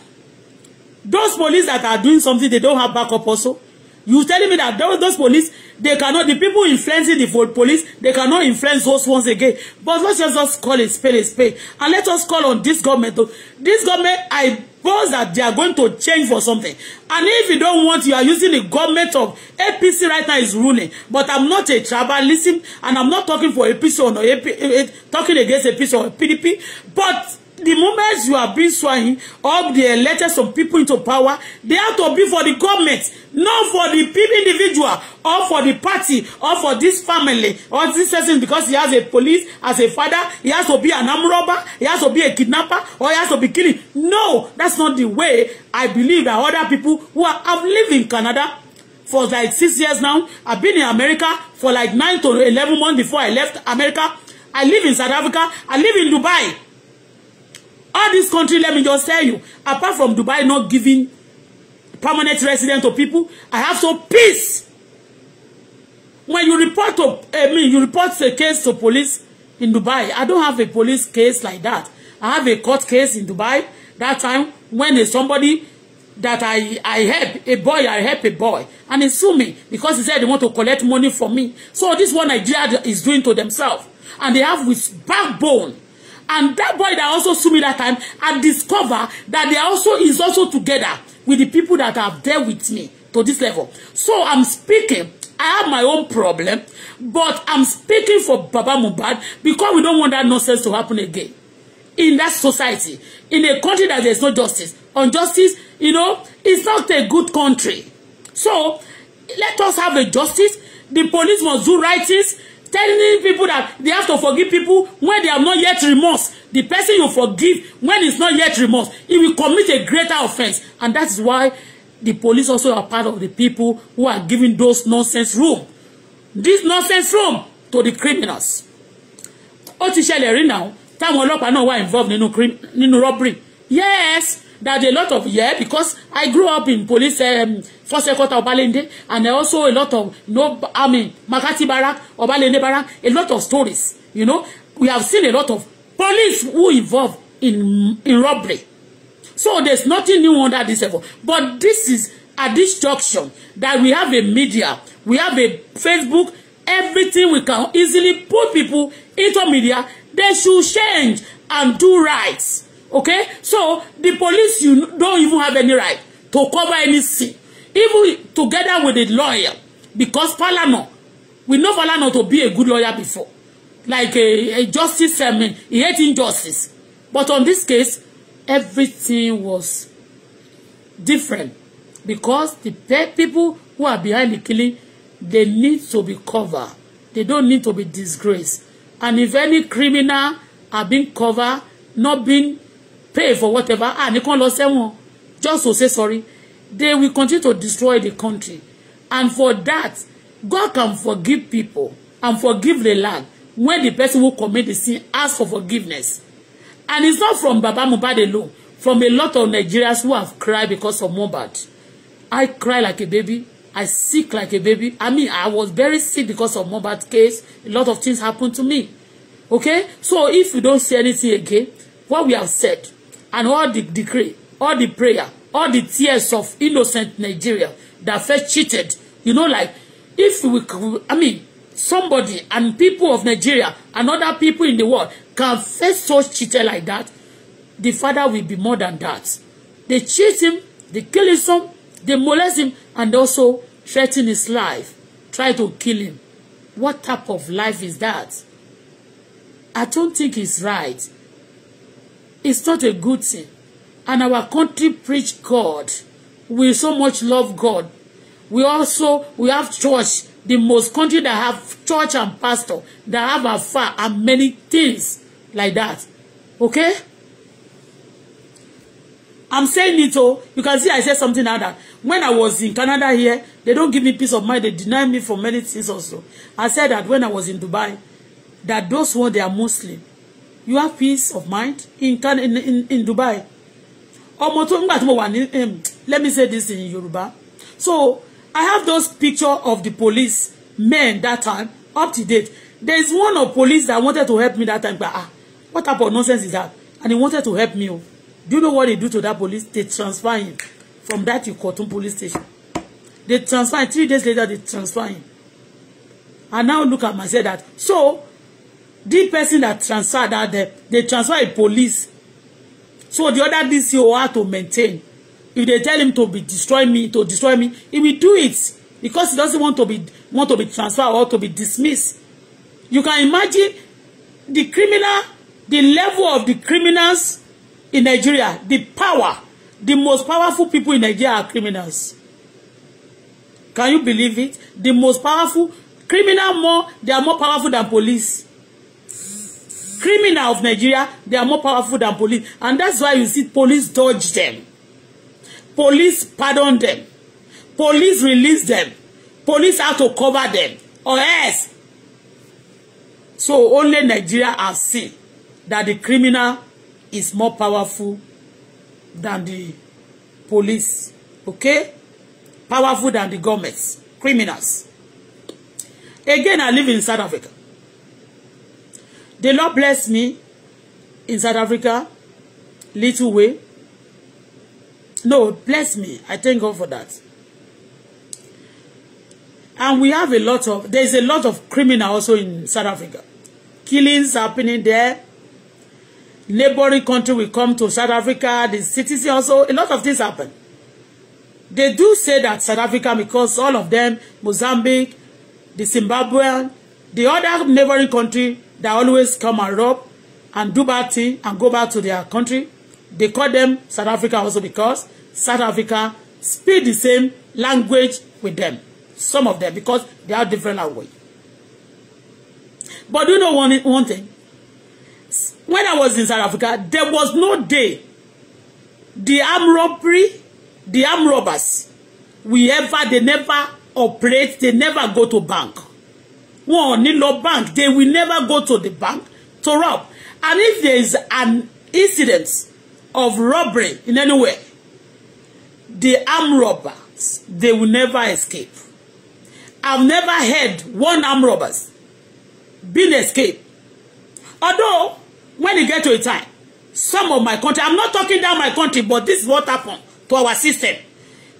those police that are doing something, they don't have backup also? You telling me that those, those police, They cannot, the people influencing the police, they cannot influence those ones again. But let's just, call it spell it, spell. And let us call on this government. To, this government, I boast that they are going to change for something. And if you don't want, you are using the government of APC right now is ruling. But I'm not a tribalism, and I'm not talking for APC or no, AP, talking against APC or PDP. But the moments you are being swaying up the elected some people into power, they have to be for the government, not for the people individual or for the party or for this family or this person because he has a police as a father, he has to be an arm robber, he has to be a kidnapper, or he has to be killing. No, that's not the way I believe that other people who are, have lived in Canada for like six years now. I've been in America for like nine to eleven months before I left America. I live in South Africa. I live in Dubai. All this country, let me just tell you, apart from Dubai not giving permanent resident to people, I have some peace. When you report to, I mean, you report a case to police in Dubai, I don't have a police case like that. I have a court case in Dubai that time when somebody that I, I help a boy, I help a boy. And he sue me because he said they want to collect money from me. So this one Nigeria is doing to themselves. And they have with backbone And that boy that also sued me that time, I discover that they also is also together with the people that have dealt with me to this level. So I'm speaking. I have my own problem, but I'm speaking for Baba Mubad because we don't want that nonsense to happen again in that society, in a country that there's no justice. Injustice, you know, it's not a good country. So let us have a justice. The police must do right things telling people that they have to forgive people when they have not yet remorse the person you forgive when it's not yet remorse he will commit a greater offense and that is why the police also are part of the people who are giving those nonsense room this nonsense room to the criminals ó ti ṣẹlẹ̀ rí now táwọn ọlọ́pàá náà wà involved nínú crime nínú robbery yes that a lot of yeah because I grew up in police um, first headquarter Obalende and also a lot of no I mean Makati Barrack, Obalende Barrack, a lot of stories. You know, we have seen a lot of police who involved in in robbery. So there's nothing new under this level. But this is a destruction that we have a media, we have a Facebook, everything we can easily put people into media. They should change and do rights, Okay? So the police you don't even have any right to cover any sin even together with the lawyer because Falana we know Falana to be a good lawyer before like a, a justice I mean he hate injustice but on this case everything was different because the pe people who are behind the killing they need to be covered they don't need to be disgraced and if any criminal are being covered not being paid for whatever ah nìkan lọ sẹ́wọ̀n just to say sorry they will continue to destroy the country. And for that, God can forgive people and forgive the land when the person who commit the sin ask for forgiveness. And it's not from Baba Mohbad alone, from a lot of Nigerians who have cried because of Mohbad. I cry like a baby. I sick like a baby. I mean, I was very sick because of Mohbad case. A lot of things happened to me. Okay? So if you don't say anything again, what we have said, and all the decree, all the prayer, all the tears of innocent Nigeria that first cheated. You know, like, if we, I mean, somebody and people of Nigeria and other people in the world can face such cheated like that, the father will be more than that. They cheat him, they kill his son, they molest him, and also threaten his life, try to kill him. What type of life is that? I don't think it's right. It's not a good thing. and our country preach God. We so much love God. We also, we have church, the most country that have church and pastor, that have a far and many things like that. Okay? I'm saying it all. Oh, you can see I said something like that. When I was in Canada here, they don't give me peace of mind. They deny me for many things also. I said that when I was in Dubai, that those one, they are Muslim. You have peace of mind in, in, in, in Dubai ọmọ tó nígbà tí mo wà ní let me say this in Yoruba. so I have those picture of the police men that time up to date there is one of police that wanted to help me that time but ah what type of nonsense is that and he wanted to help me o oh. do you know what they do to that police they transfer him from that Ikotun police station they transfer him three days later they transfer him I now look at myself that so the person that transfer that they, they transfer a police So the other DCO had to maintain. If they tell him to be destroy me, to destroy me, he will do it because he doesn't want to be want to be transferred or to be dismissed. You can imagine the criminal, the level of the criminals in Nigeria, the power, the most powerful people in Nigeria are criminals. Can you believe it? The most powerful criminal more, they are more powerful than police criminal of Nigeria, they are more powerful than police. And that's why you see police dodge them. Police pardon them. Police release them. Police have to cover them. Or else. So only Nigeria have seen that the criminal is more powerful than the police. Okay? Powerful than the governments. Criminals. Again, I live in South Africa. The Lord bless me in South Africa, little way. No, bless me. I thank God for that. And we have a lot of, there's a lot of criminal also in South Africa. Killings happening there. Neighboring country will come to South Africa. The citizen also, a lot of things happen. They do say that South Africa, because all of them, Mozambique, the Zimbabwean, the other neighboring country, that always come and rob and do bad thing and go back to their country. They call them South Africa also because South Africa speak the same language with them. Some of them because they are different language. But do you know one, one thing? When I was in South Africa, there was no day the armed robbery, the armed robbers, we ever, they never operate, they never go to bank wọn ò ní lọ bank they will never go to the bank to rob and if there is an incident of robbery in anywhere the armed robbers they will never escape I've never heard one armed robbers been escape. although when you get to a time some of my country I'm not talking down my country but this is what happened to our system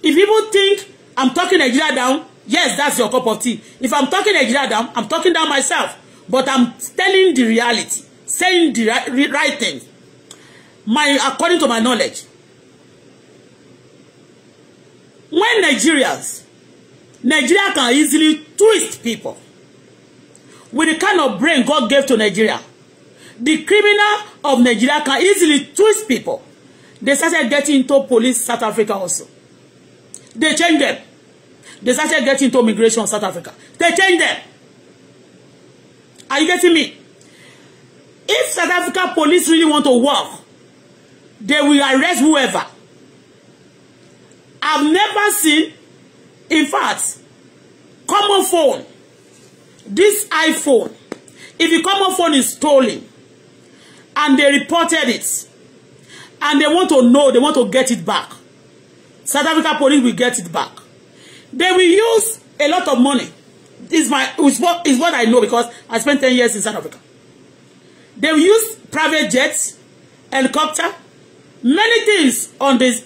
if people think I'm talking Nigeria down yes that's your cup of tea if i'm talking nigeria down i'm talking down myself but i'm telling the reality saying the right, right thing my according to my knowledge when nigerians nigeria can easily twist people with the kind of brain god gave to nigeria the criminal of nigeria can easily twist people they started getting into police south africa also they changed them They started getting into migration South Africa. They changed them. Are you getting me? If South Africa police really want to work, they will arrest whoever. I've never seen, in fact, common phone, this iPhone, if the common phone is stolen, and they reported it, and they want to know, they want to get it back, South Africa police will get it back. They will use a lot of money. Is my, is what, is what I know because I spent ten years in South Africa. They will use private jets, helicopter, many things on this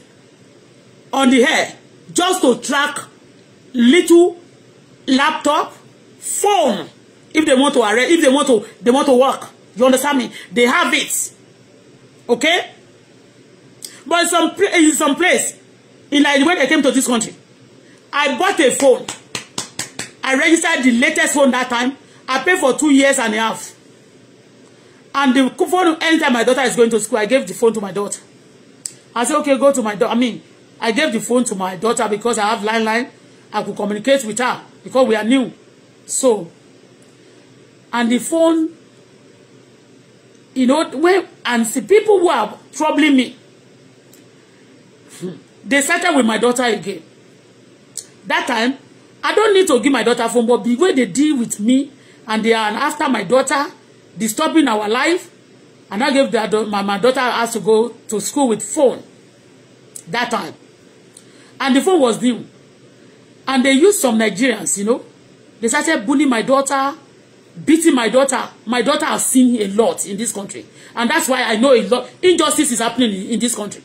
on the air just to track little laptop, phone, if they want to arrest, if they want to, they want to work. You understand me? They have it. Okay? But in some, in some place, in like when they came to this country, I bought a phone. I registered the latest phone that time. I paid for two years and a half. And the phone, anytime my daughter is going to school, I gave the phone to my daughter. I said, okay, go to my daughter. I mean, I gave the phone to my daughter because I have line line. I could communicate with her because we are new. So, and the phone, you know, when, and the people who are troubling me, they started with my daughter again that time i don't need to give my daughter phone but the way they deal with me and they are after my daughter disturbing our life and i gave their my, my daughter has to go to school with phone that time and the phone was new and they used some Nigerians you know they started bullying my daughter beating my daughter my daughter has seen a lot in this country and that's why i know a lot injustice is happening in, in this country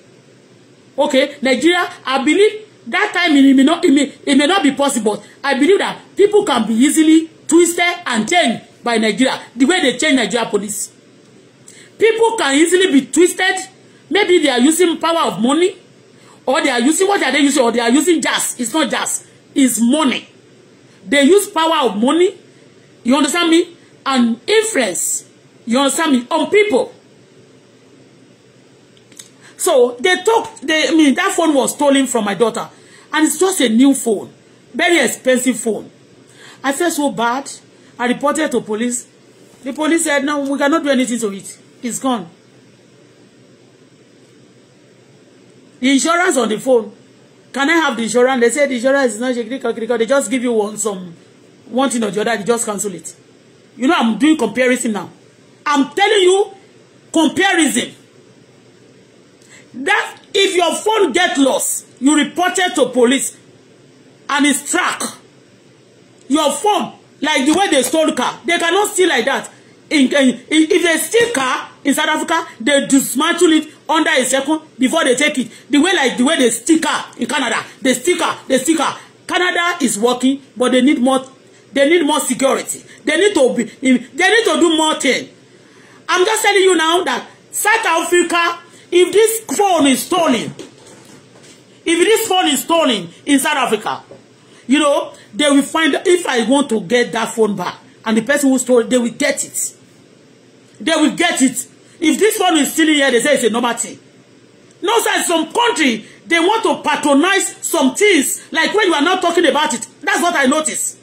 okay Nigeria i believe that time it may not it may, it may not be possible I believe that people can be easily twisted and changed by Nigeria the way they change Nigeria police people can easily be twisted maybe they are using power of money or they are using what are they using or they are using just? it's not just. it's money they use power of money you understand me and influence you understand me on people so they talk they I mean that phone was stolen from my daughter And it's just a new phone, very expensive phone. I felt so bad. I reported to police. The police said, no, we cannot do anything to it. It's gone. The insurance on the phone. Can I have the insurance? They said the insurance is not critical. They just give you one some one thing or the other, they just cancel it. You know, I'm doing comparison now. I'm telling you, comparison that if your phone get lost you report it to police and it's track your phone like the way they stole car they cannot steal like that in, in, in if they steal car in South Africa they dismantle it under a second before they take it the way like the way they sticker in Canada they sticker, car they steal Canada is working but they need more they need more security they need to be they need to do more thing I'm just telling you now that South Africa If this phone is stolen, if this phone is stolen in South Africa, you know, they will find, if I want to get that phone back, and the person who stole it, they will get it. They will get it. If this phone is still here, they say it's a normal thing. No, sir, some country, they want to patronize some things, like when you are not talking about it. That's what I notice.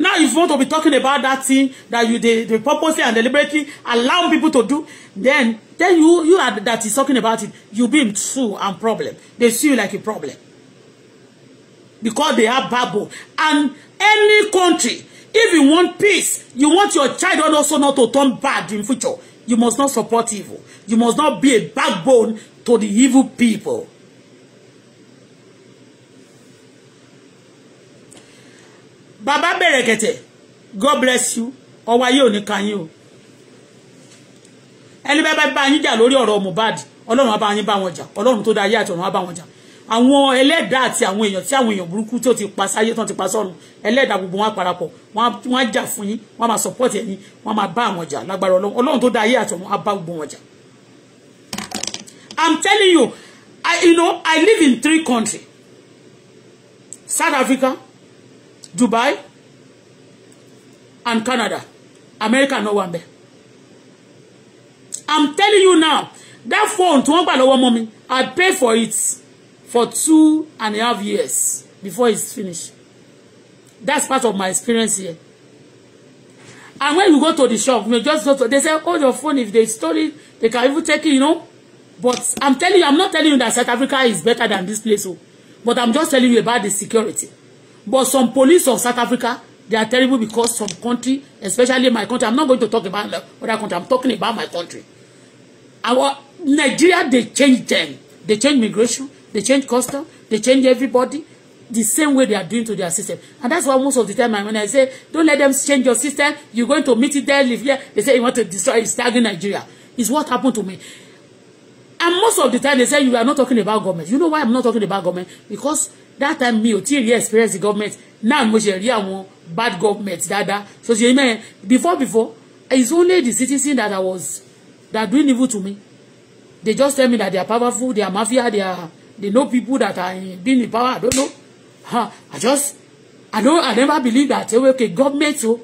Now, if you want to be talking about that thing that you they, they purposely and deliberately allow people to do, then Then you you are that is talking about it, you being true and problem. They see you like a problem. Because they have babble. And any country, if you want peace, you want your child also not to turn bad in future. You must not support evil. You must not be a backbone to the evil people. Baba Berekete, God bless you. Ọwọ́ ayé ò ní kan yín ẹni bá bá yín jà lórí ọ̀rọ̀ Mohbad ọlọ́run bá yín bá wọn jà ọlọ́run tó dá ayé àti ọ̀run bá wọn jà àwọn ẹlẹ́dàá àti àwọn èèyàn tí àwọn èèyàn burúkú tó ti pa sáyé tán ti pa sọ́run ẹlẹ́dàá gbogbo wọn parapọ̀ wọn á jà fún yín wọn máa support yín wọn máa bá àwọn jà lágbára ọlọ́run ọlọ́run tó dá ayé àti ọ̀run á bá gbogbo wọn jà. I'm telling you I, you know, I live in three countries South Africa, Dubai, and Canada. America no one there i'm telling you now that phone tí wọ́n gbà lọ́wọ́ ọmọ mi i pay for it for two and a half years before it's finished that's part of my experience here and when you go to the shop you just go to they say hold oh, your phone if they store it they can even take it you know but i'm telling you i'm not telling you that south africa is better than this place o oh. but i'm just telling you about the security but some police of south africa they are terrible because some country especially my country i'm not going to talk about other country i'm talking about my country Our Nigeria, they change them. They change migration. They change custom. They change everybody the same way they are doing to their system. And that's why most of the time when I say, don't let them change your system. You're going to meet it there, live here. They say you want to destroy stagnant Nigeria. Is what happened to me. And most of the time they say you are not talking about government. You know why I'm not talking about government? Because that time mi ò tí experience the government. Now mo ṣe rí àwọn bad government Dada. So you mean before before it's only the citizen that I was that are doing evil to me they just tell me that they are powerful they are mafia they are they know people that are in, being in power I don't know huh, I just I don't I never believe that eh, okay government so oh,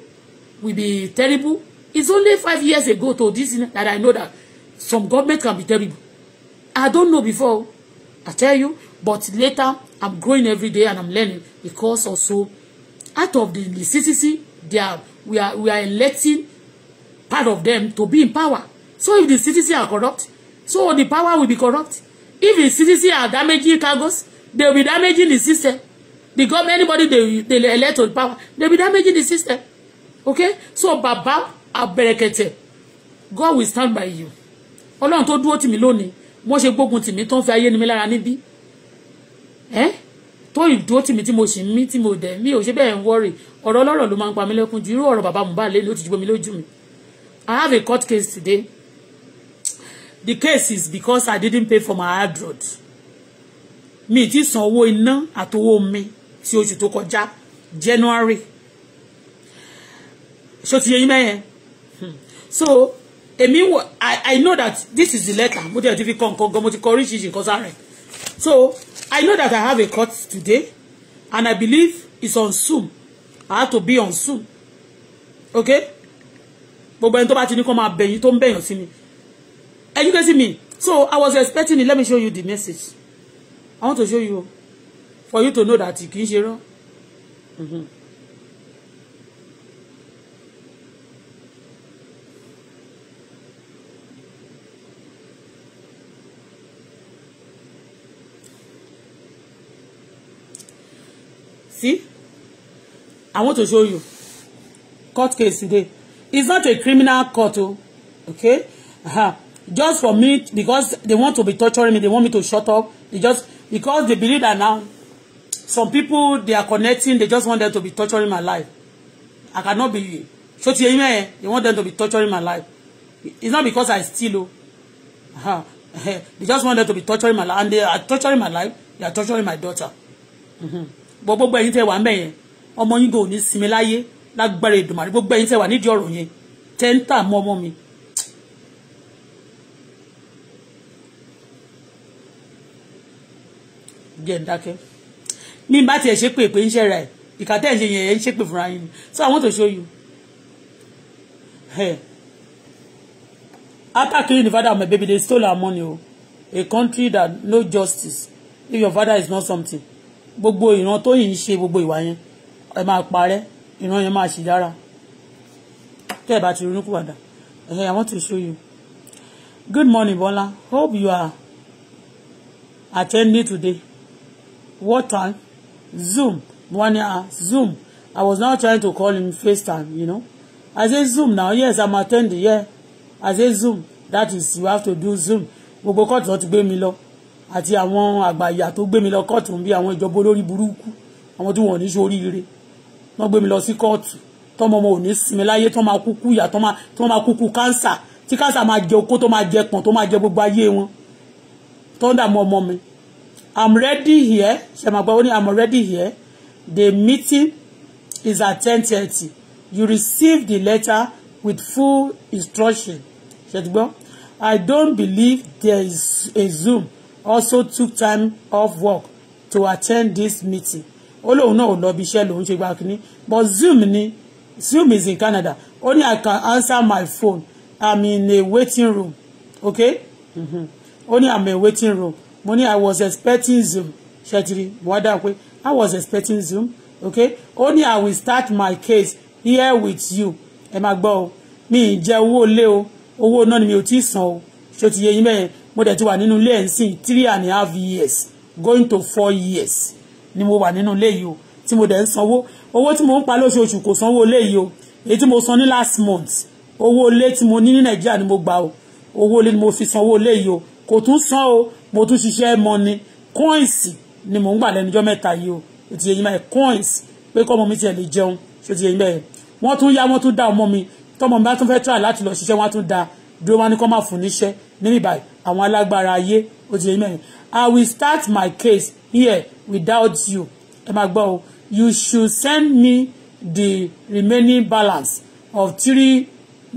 will be terrible it's only five years ago to this that I know that some government can be terrible I don't know before I tell you but later I'm growing every day and I'm learning because also out of the CCC they are we are we are electing part of them to be in power So if the citizens are corrupt, so the power will be corrupt. If the citizens are damaging cargoes, they will be damaging the system. The government, anybody they, they elect to the power, they will be damaging the system. Okay? So Baba Aberekete, God will stand by you. Olo tó dúró ti miloni lónìí, wọ́n ṣe gbógun tì mí fi ayé ni mí lára Eh? To tó ìdúró tì mí tí mo ṣì mi mí tí mo dẹ̀ mí ò ṣe bẹ́ẹ̀ ń wọ́rì. Ọ̀rọ̀ ọlọ́rọ̀ ló máa ń pa mí lẹ́kún ju irú ọ̀rọ̀ bàbá Mohbad lé ló ti jibo mi lójú mi. I have a court case today the case is because I didn't pay for my adroad mi ti san owó iná àtowó mi ti oṣù tó kọjá January so ti yeyin meyen so I mean, I I know that this is the letter mo ti fi kọ nǹkan gan mo ti so I know that I have a court today and I believe it's on Zoom I have to be on Zoom okay gbogbo ẹni tó bá ti ní kó máa bẹ̀yìn Are you getting me? So I was expecting it. Let me show you the message. I want to show you for you to know that kì í ṣe Mm-hmm. See? I want to show you. Court case today. It's not a criminal court, oh. Okay? Uh-huh just for me because they want to be torturing me they want me to shut up they just because they believe that now some people they are connecting they just want them to be torturing my life I cannot be so ti eyin eh they want them to be torturing my life it's not because I steal o uh-huh. they just want them to be torturing my life and they are torturing my life they are torturing my daughter mhm. but gbogbo ẹ̀yin tẹ́ wà ńbẹ̀ yẹn ọmọ yín go ní sinmi láyé lágbára Èdùmàrè gbogbo ẹ̀yin tẹ́ wà nídìí ọ̀rọ̀ yẹn tẹ́ ń tà mọ́ ọmọ mi jẹ́ ń dákẹ́ mi bá tiẹ̀ ṣépè pé ń ṣẹ̀ra ẹ̀ ìkà tẹ́ ẹ̀ ṣe yẹn ń ṣépè fúnra yín so I want to show you hey. after killing the father of my baby they stole her money o oh. a country that no justice if your father is not something gbogbo ìran tó yìí ń ṣe gbogbo ìwà yẹn ẹ máa parẹ́ ìran yẹn máa ṣì dára tẹ́ ẹ bá ti ronú kúwàdà I want to show you good morning Bola hope you are attending today what time zoom one hour zoom i was now trying to call him facetime you know i say zoom now yes i'm attending yeah i say zoom that is you have to do zoom gbogbo kóòtù wọn ti gbé mi lọ àti àwọn àgbàyà tó gbé mi lọ kóòtù ń bí àwọn ìjọba olórí burúkú àwọn tí wọn ò ní ṣe oríire wọn gbé mi lọ sí kóòtù tọmọ ọmọ ò ní sinmi láyé tó máa kúkú ìyà tó máa kúkú kánsà tí kánsà máa jẹ okó tó máa jẹ pọ̀n tó máa jẹ gbogbo ayé wọn tó ń ọmọ mi I'm ready here ṣèmàgbà ó ní I'm already here the meeting is at ten thirty you receive the letter with full instruction ṣètìgbọ́ I don't believe there is a Zoom also took time off work to attend this meeting ó lóun náà ò lọ bí iṣẹ́ lòun gba kínní but Zoom ni Zoom is in Canada only I can answer my phone I'm in a waiting room okay mm mm-hmm. only I'm in a waiting room mo ní i was expecting zoom ṣètìrì wọ́n dà pé i was expecting zoom okay ó ní i will start my case here with you ẹ máa gbọ́ o mi ì jẹ owó ilé o owó náà ni mi ò tí ì san o ṣé o ti yé yín bẹ́ẹ̀ mo dẹ̀ ti wà nínú ilé ẹ̀ ń sìn three and a half years going to four years ni mo wà nínú ilé yìí o tí mo dẹ̀ ń sanwó owó tí mo ń pa lóṣooṣù kò sanwó ilé yìí o èyí tí mo san ní last month owó ilé tí mo ní ní nàìjíríà ni mo gbà o owó ilé ni mo fi sanwó ilé yìí o kò tún san o mo tún ṣiṣẹ́ money coins ni mò ń gbà lẹ́nujọ́ mẹ́ta yìí o ó ti yẹ yín báyìí coins pé kọ́ ọmọ mi tiẹ̀ lè jẹun ṣé ó ti yẹ yín báyìí wọ́n tún yá wọ́n tún dá ọmọ mi tọmọ mi bá tún fẹ́ try láti lọ ṣiṣẹ́ wọ́n á tún da dúró wá ní kọ́ máa fún níṣẹ́ níbi báyìí àwọn alágbára ayé ó ti yẹ yín báyìí I will start my case here without you ẹ máa gbọ́ o you should send me the remaining balance of three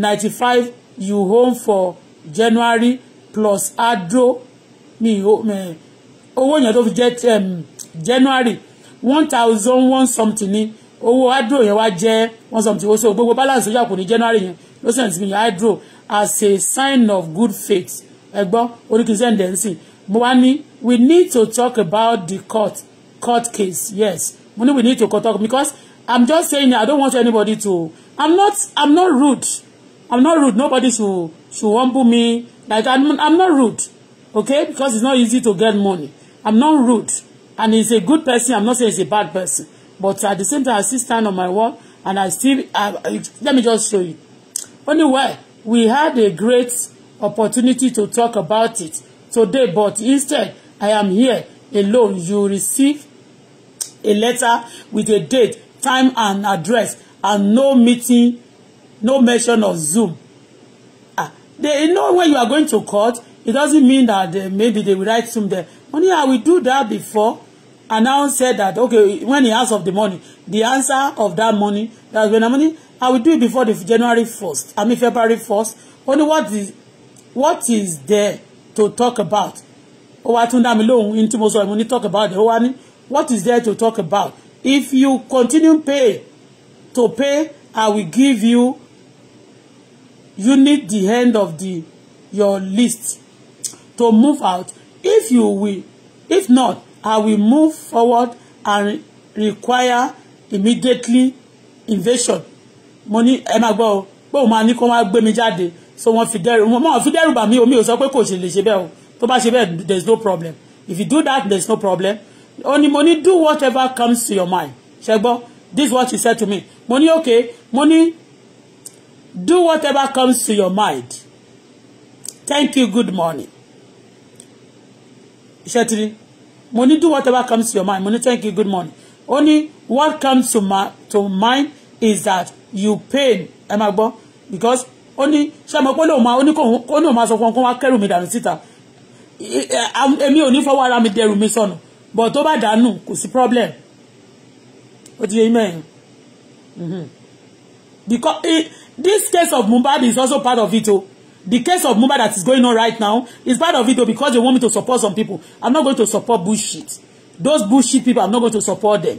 ninety five you home for January plus adro mi owó yẹn tó fi jẹ́ January one thousand one something ni owó hydro yẹn wá jẹ́ one something so gbogbo balance ojú àpò ní January yẹn ló sẹ̀ sí mi hydro as a sign of good faith ẹgbọ́n oríkìsẹ́ ǹdẹ̀nsìn mo wá ní we need to talk about the court court case yes mo ní we need to talk because I'm just saying I don't want anybody to I'm not I'm not rude I'm not rude nobody should should humble me like I'm, I'm not rude okay because it's not easy to get money i'm not rude and he's a good person i'm not saying he's a bad person but at the same time i still stand on my word. and i still I, let me just show you anyway we had a great opportunity to talk about it today but instead i am here alone you receive a letter with a date time and address and no meeting no mention of zoom ah they know when you are going to court It doesn't mean that they, maybe they will write some there. Only I will do that before. And now said that, okay, when he asks of the money, the answer of that money, that when the money, I will do it before the January 1st, I mean February 1st. Only what is, what is there to talk about? ó wá tún dá mi lóhùn in tí mo money, talk about the wá ní what is there to talk about if you continue pay to pay i will give you you need the end of the your list to move out if you will if not I will move forward and re require immediately invasion mo ní ẹ máa gbọ́ ọ pé òun máa ní kó máa gbé mi jáde so wọ́n fi dẹ́rù wọ́n fi dẹ́rù bà omi ò sọ pé kò lè ṣe bẹ́ẹ̀ o tó bá ṣe bẹ́ẹ̀ there is no problem if you do that there is no problem ó ní mo ní do whatever comes to your mind ṣe gbọ́ this is what she said to me mo ní okay mo ní do whatever comes to your mind thank you good morning iṣẹ́ tiri mo ní do whatever comes to your mind mo ní thank you good morning ó ní what comes to, my, to mind is that you pain ẹ máa gbọ́ because ó ní ṣé mo pé lóun máa ó ní kó ní òun sọ fún ọ kó wá kẹrù mi dànù síta èmi ò ní fọwọ́ ara mi dẹrù mi sọnù but tó bá dànù kò sí problem ó ti yẹ yín mẹ́rin mm-hmm. because eh, this case of Mohbad is also part of it o. Oh the case of Mohbad that is going on right now is part of it though because they want me to support some people I'm not going to support bullshit those bullshit people I'm not going to support them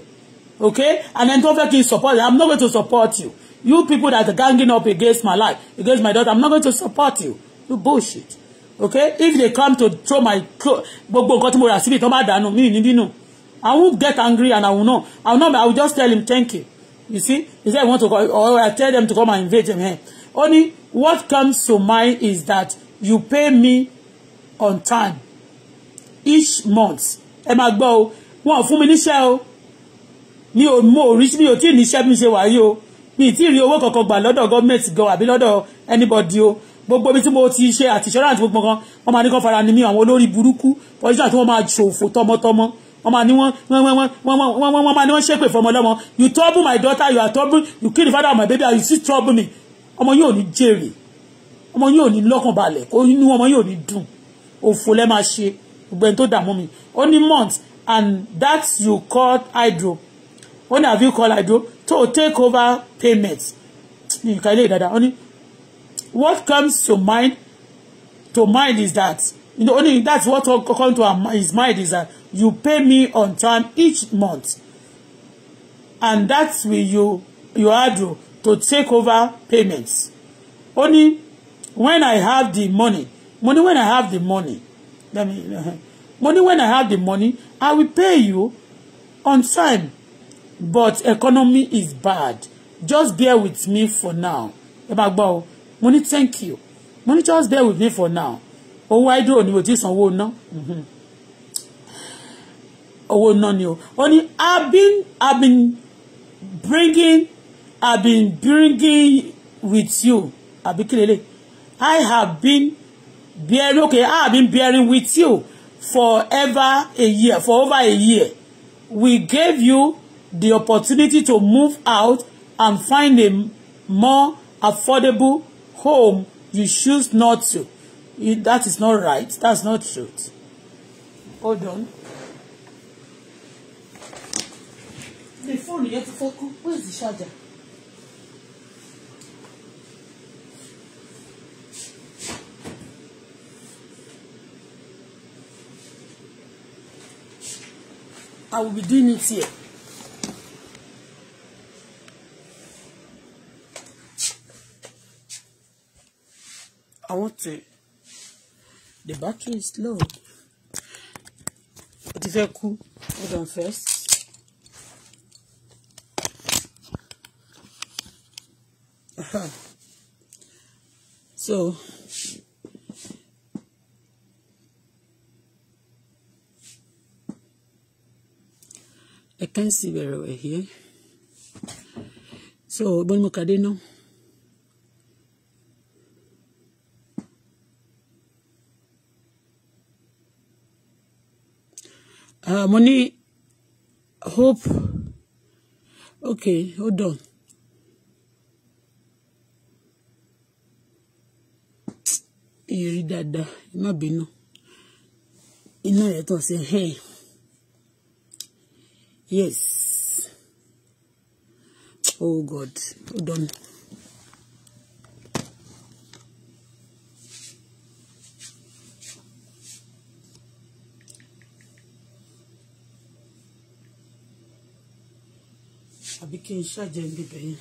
okay and then don't fucking support them I'm not going to support you you people that are ganging up against my life against my daughter I'm not going to support you you bullshit okay if they come to throw my clothes I won't get angry and I will know I will know I will just tell him thank you you see he said he want to call or I tell them to come and invade him here eh? Only what comes to mind is that you pay me on time each month ẹ máa gbọ́ o wọn ò fún mi níṣẹ́ o mi ò mọ orí mi ò tí ì níṣẹ́ bí mi ṣe wà yìí o mi ì tí ì rí owó kankan gbà lọ́dọ̀ gọ́ọ̀mẹ̀ntì gan àbí lọ́dọ̀ anybody o gbogbo ibi tí mo ti ṣe àti insurance gbogbo kan wọ́n máa ní kán fara ni mí àwọn olórí burúkú pọ́sítà tí wọ́n máa ṣòfò tọmọtọmọ wọ́n máa ní wọ́n wọ́n wọ́n wọ́n wọ́n wọ́n máa ní wọ́n ṣépè fọmọlọ́mọ you trouble my daughter you are trouble you kill the father of my baby and you still trouble me ọmọ yóò ní jèrè ọmọ yóò ní lọ́kànbalẹ̀ kó inú ọmọ yóò ní dùn òfò lẹ́ máa ṣe gbogbo ẹni tó dààmú mi ó ní month and that you call hydro ó ní have you called hydro to take over payment ní nǹkan ilé ìdada ó ní what comes to mind to mind is that you know, only that's what come to his mind is that you pay me on time each month and that will you you hydro to take over payments only when I have the money Money when I have the money let me mo ní when I have the money I will pay you on time but economy is bad just bear with me for now ẹ bá thank you Money, just bear with me for now owó idol ni mo ti sanwó ná owó ná ni o ó ní i been I've been bringing I've been bringing with you àbí kí lélẹ̀ I have been bearing okay I have been bearing with you forever a year for over a year we gave you the opportunity to move out and find a more affordable home you choose not to it, that is not right that's not truth hold on. the phone You ti to kú where is the charger. I will be doing it here. I want to. The battery is low. It is very cool. Hold on first. So. I can't see very well here. So, bon mo kade no. Uh, mo hope. Okay, hold on. You read that, dáadáa, ẹ be no. You know, tàn sí ẹ̀ hey. Yes. Oh God. Hold on. àbí kí n ṣàjẹ́ ń Okay. yẹn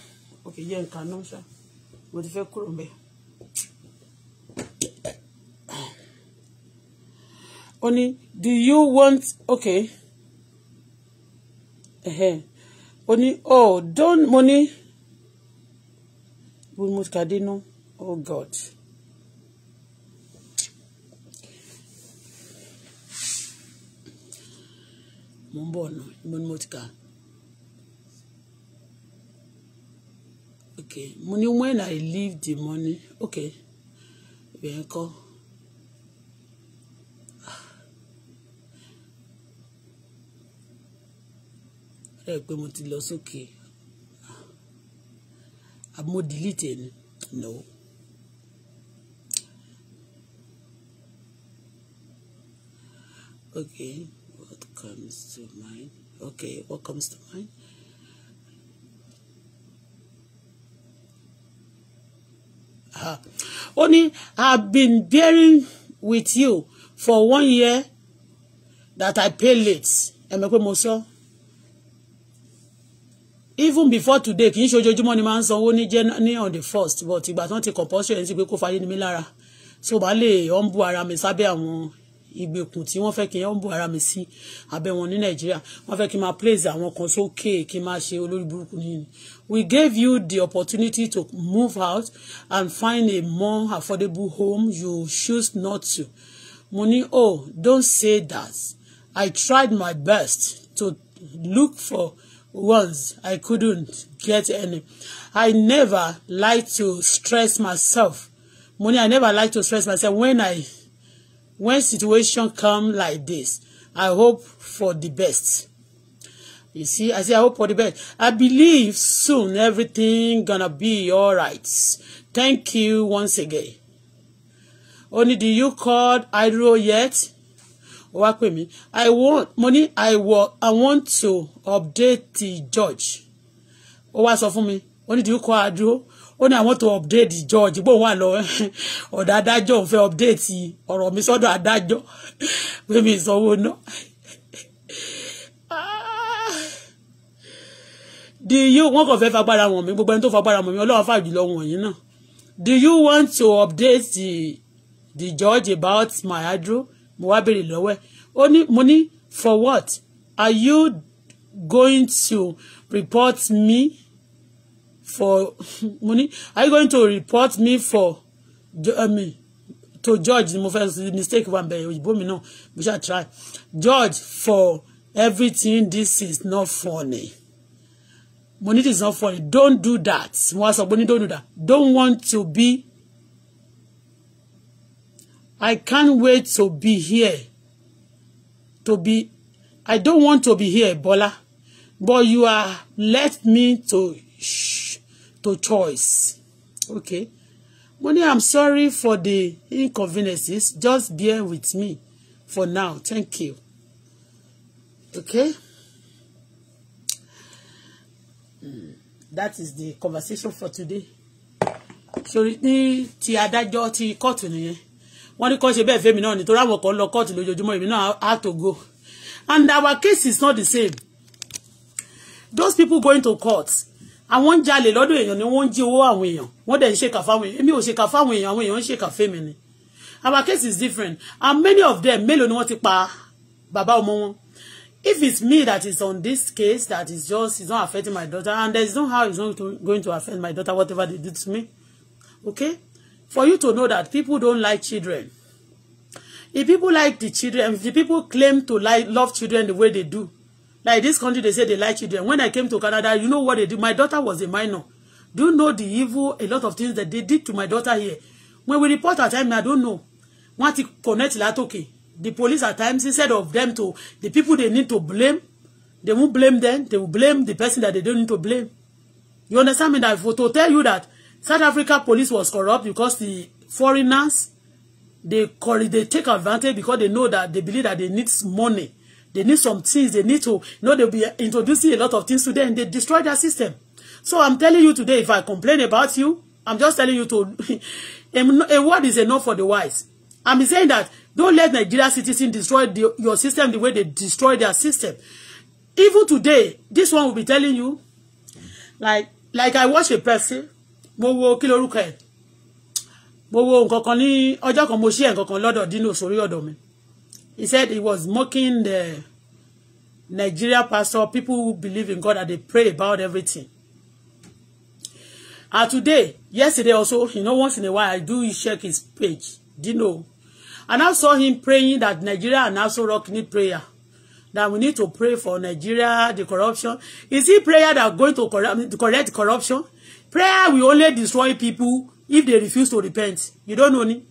òkè yẹ nǹkan náà ṣá mo ti fẹ́ kúrò mbẹ́. ó ní do you want okay ó ní oh don mo ní mo kàdé nú oh god. mo ń bọ̀ ọ̀nà mo ní mo okay mo ní when I leave the money okay ìbẹ̀rẹ̀ kọ́. ẹ pé mo ti lọ sókè ah, mo delete ẹ no. okay what comes to mind okay what comes to mind. Ah, ní i've been bearing with you for one year that i pay late ẹ mọ̀ pé mo sọ. So even before today kì í ṣe ojoojúmọ́ ni máa ń sanwó ní ní on the first but ìgbà tí wọ́n ti compulsion ẹni tí pé kó fayé ni mí lára so bá lè humble ara mi sábẹ́ àwọn ìgbèkùn tí wọ́n fẹ́ kí n humble ara mi sí abẹ́ wọn ní nàìjíríà wọ́n fẹ́ kí n máa praise àwọn kan sókè kí n máa ṣe olórí burúkú nínú we gave you the opportunity to move out and find a more affordable home you choose not to mo ní oh don't say that i tried my best to look for once I couldn't get any. I never like to stress myself. Money, I never like to stress myself when I when situation come like this. I hope for the best. You see, I say I hope for the best. I believe soon everything gonna be all right. Thank you once again. Only do you called Hydro yet? ó wá pè mí i want mo ní i want i want to update the judge ó wá sọ fún mi ó ní dìíkọ àdúró ó ní i want to update the judge gbóhùn wà lọ ọ̀dọ̀ adájọ́ òun fẹ́ update ọ̀rọ̀ mi sọ́dọ̀ adájọ́ pé mi ìsanwó náà. Ah. do you wọn kàn fẹ́ fagbára wọn mi gbogbo ẹni tó fagbára wọn mi ọlọ́run fàjùlọ wọ̀nyí náà do you want to update the the judge about my adro mo wá béèrè lọ́wọ́ ẹ̀ ó ní mo ní for what are you going to report me for mo ní are you going to report me for I to judge ni mo fẹ́ sọ mistake wa bẹ̀rẹ̀ òyìnbó mi náà mo ṣáà try judge for everything this is not funny Money is not funny don't do that mo sọ pé ní don't do that don't want to be. I can't wait to be here. To be, I don't want to be here, Bola. But you are left me to shh, to choice. Okay. Money, I'm sorry for the inconveniences. Just bear with me for now. Thank you. Okay. Hmm. That is the conversation for today. So ti adájọ́ ti kóòtù nìyẹn wọ́n ní kọ́ ṣe bẹ́ẹ̀ fẹ́mi náà nítorí àwọn kan lọ kóòtù lójoojúmọ́ èmi náà á tó go and our case is not the same those people going to court àwọn ń jalè lọ́dọ̀ èèyàn ni wọ́n ń jí owó àwọn èèyàn wọ́n dẹ̀ ń ṣèkà fáwọn èèyàn èmi ò ṣèkà fáwọn èèyàn àwọn èèyàn ń ṣèkà fẹ́mi ni our case is different and many of them mélòó ni wọ́n ti pa bàbá ọmọ wọn if it's me that is on this case that is just it's not affecting my daughter and there is no how it's not going to affect my daughter whatever they do to me okay for you to know that people don't like children. If people like the children, if the people claim to like love children the way they do, like this country, they say they like children. When I came to Canada, you know what they did? My daughter was a minor. Do you know the evil, a lot of things that they did to my daughter here? When we report at time, I don't know. Want to connect that, okay. The police at times, instead of them to, the people they need to blame, they won't blame them. They will blame the person that they don't need to blame. You understand me? That for to tell you that South Africa police was corrupt because the foreigners they they take advantage because they know that they believe that they need money. They need some things. They need to you know they'll be introducing a lot of things to them. They destroy their system. So I'm telling you today, if I complain about you, I'm just telling you to a word is enough for the wise. I'm saying that don't let Nigeria citizens destroy the, your system the way they destroy their system. Even today, this one will be telling you, like like I watch a person mo wo kí lorúkọ ẹ̀ mo wo nǹkan kan ní ọjọ́ kan mo ṣí ẹ̀ nǹkan kan lọ́dọ̀ Dino sórí ọ̀dọ̀ mi he said he was mocking the Nigeria pastor people who believe in God and they pray about everything and today yesterday also you know once in a while I do check his page Dino and I saw him praying that Nigeria and also rock need prayer that we need to pray for Nigeria the corruption is he prayer that going to correct, correct corruption Prayer will only destroy people if they refuse to repent. You don't know me.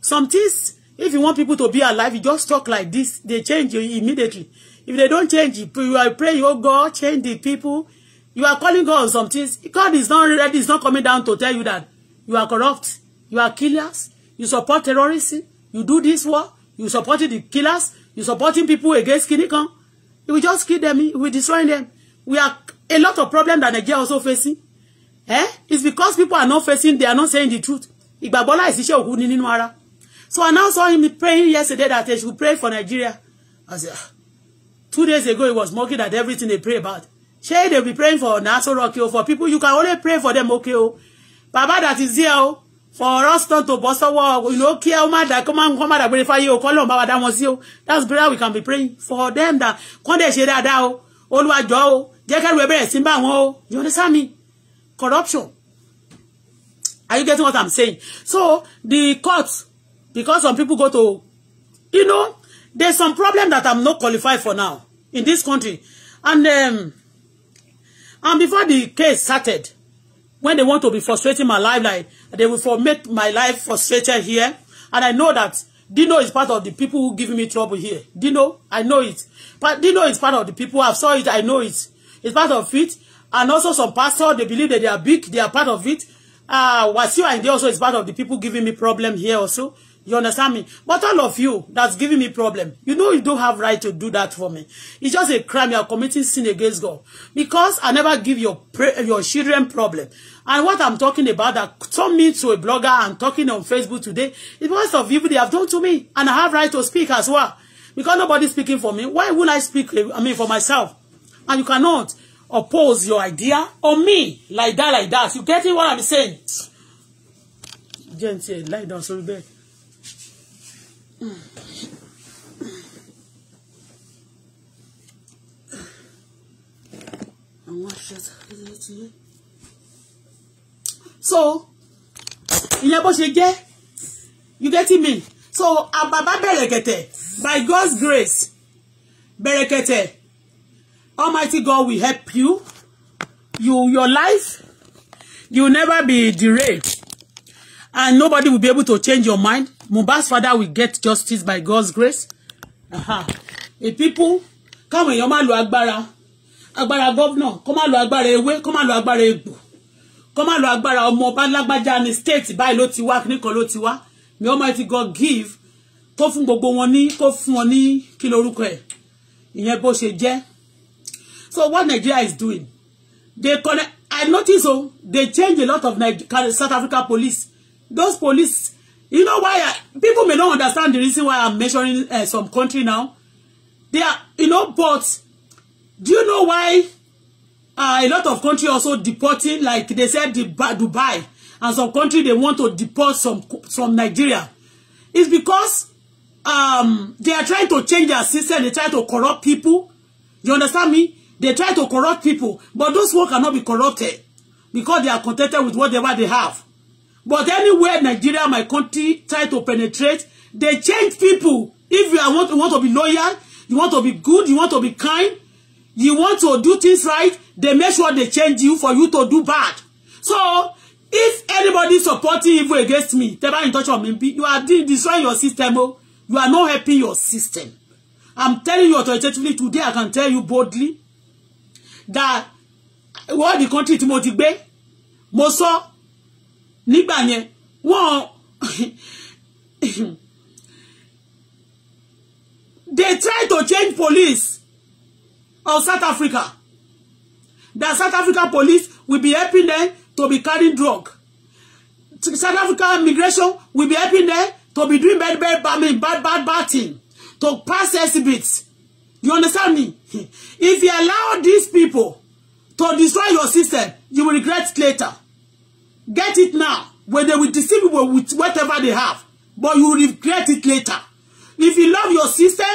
Some things, if you want people to be alive, you just talk like this. They change you immediately. If they don't change, you are praying, your oh God, change the people. You are calling God on some things. God is not ready, is not coming down to tell you that you are corrupt, you are killers, you support terrorism, you do this war, you support the killers, you supporting people against Kinikon. You will just kill them, we destroy them. We are a lot of problems that Nigeria also facing. Eh? It's because people are not facing, they are not saying the truth. Ìgbàgbọ́ láìsí iṣẹ́ òkú ni nínú ara. So I now saw him praying yesterday that they should pray for Nigeria. I said, ah. two days ago he was mocking that everything they pray about. Say they'll be praying for Nassau Rocky okay, for people. You can only pray for them, okay? Oh. Baba that is here, oh. For us not to bust a wall, you know, care, oh, man, that come on, come on, that pray for you, call on Baba, that was you. That's prayer we can be praying for them that, come there, share that, oh, Olúwa jọ̀ọ́, oh, jẹ́ kẹ́rù ẹ bẹ̀rẹ̀ sí oh, you understand me? corruption are you getting what i'm saying so the court because some people go to you know there's some problem that i'm not qualified for now in this country and um and before the case started when they want to be frustrating my life like they will for make my life frustrated here and i know that Dino is part of the people who give me trouble here. Dino, I know it. But Dino is part of the people. I've saw it. I know it. It's part of it. And also some pastors, they believe that they are big, they are part of it. Uh, Wasiu Ayinde also is part of the people giving me problem here also. You understand me? But all of you that's giving me problem, you know you don't have right to do that for me. It's just a crime. You are committing sin against God. Because I never give your your children problem. And what I'm talking about that turned me to a blogger and talking on Facebook today is because of evil they have done to me. And I have right to speak as well. Because nobody's speaking for me. Why would I speak, I mean, for myself? And you cannot oppose your idea on me like that like that you get it what i'm saying gente lie down sórí bed so ìyẹn bó ṣe jẹ́ you get me so àbàbà bẹ̀rẹ̀ kẹ̀tẹ̀ by God's grace bẹ̀rẹ̀ kẹ̀tẹ̀. Almighty God will help you. You, your life, you will never be derailed. And nobody will be able to change your mind. Mohbad's father will get justice by God's grace. Aha. A people, come èèyàn your man agbára. Agbára governor, come má lo agbára ewé, kó má lo agbára egbò. Kó má lo agbára ọmọ ọba the state by ló ti wá, kíníkan ló May Almighty God give kó fún gbogbo wọn ní kó fún wọn ní kí lorúkọ So what Nigeria is doing, they connect. I notice oh, they change a lot of Niger South Africa police. Those police, you know why I, people may not understand the reason why I'm measuring uh, some country now. They are, you know, but do you know why uh, a lot of country also deporting, like they said Dubai, and some country they want to deport some from Nigeria? It's because um, they are trying to change their system. They try to corrupt people. You understand me? They try to corrupt people, but those who cannot be corrupted because they are contented with whatever they have. But anywhere Nigeria, my country, try to penetrate, they change people. If you want, you want to be loyal, you want to be good, you want to be kind, you want to do things right, they make sure they change you for you to do bad. So, if anybody supporting evil against me, they are in touch with me, you are destroying your system. Oh, you are not helping your system. I'm telling you authoritatively today, I can tell you boldly, that all the country tí mo ti gbé mo sọ nígbà yẹn wọ́n they try to change police of South Africa that South Africa police will be helping them to be carrying drug South Africa immigration will be helping them to be doing bad bad bad bad, bad thing to pass exhibits you understand me If you allow these people to destroy your system, you will regret later. Get it now, when they will deceive you with whatever they have, but you will regret it later. If you love your system,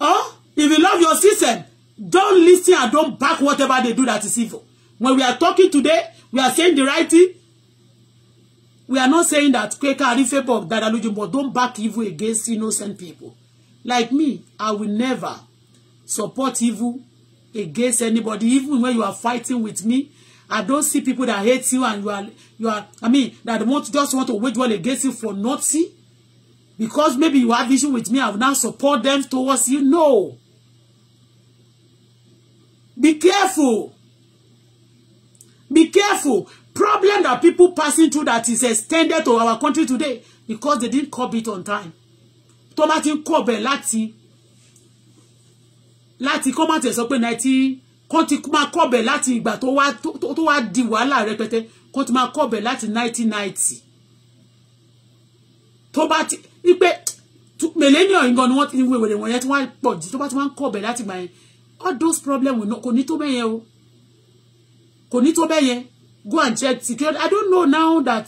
huh? If you love your system, don't listen and don't back whatever they do that is evil. When we are talking today, we are saying the right thing. We are not saying that Quaker Arifepo Dadaluju, but don't back evil against innocent people. Like me, I will never support evil against anybody even when you are fighting with me I don't see people that hate you and you are you are I mean that want just want to wage war against you for Nazi, because maybe you have issue with me I will now support them towards you no be careful be careful problem that people passing through that is extended to our country today because they didn't curb it on time Tomatin bá ti láti kó má tẹ̀ sọ pé nineteen kan ti máa kọ́bẹ̀ láti ìgbà tó wá tó wá di wàhálà rẹpẹtẹ kan ti máa kọ́bẹ̀ láti nineteen ninety tó bá ti ní pé millennium ngan ni wọ́n ti wéwèrè wọ̀nyẹn tí wọ́n pọ̀ jù tó bá ti máa ń kọ́bẹ̀ láti gbà yẹn all those problems kò ní tó bẹ́yẹn o kò ní tó bẹ́yẹn go and check security I don't know now that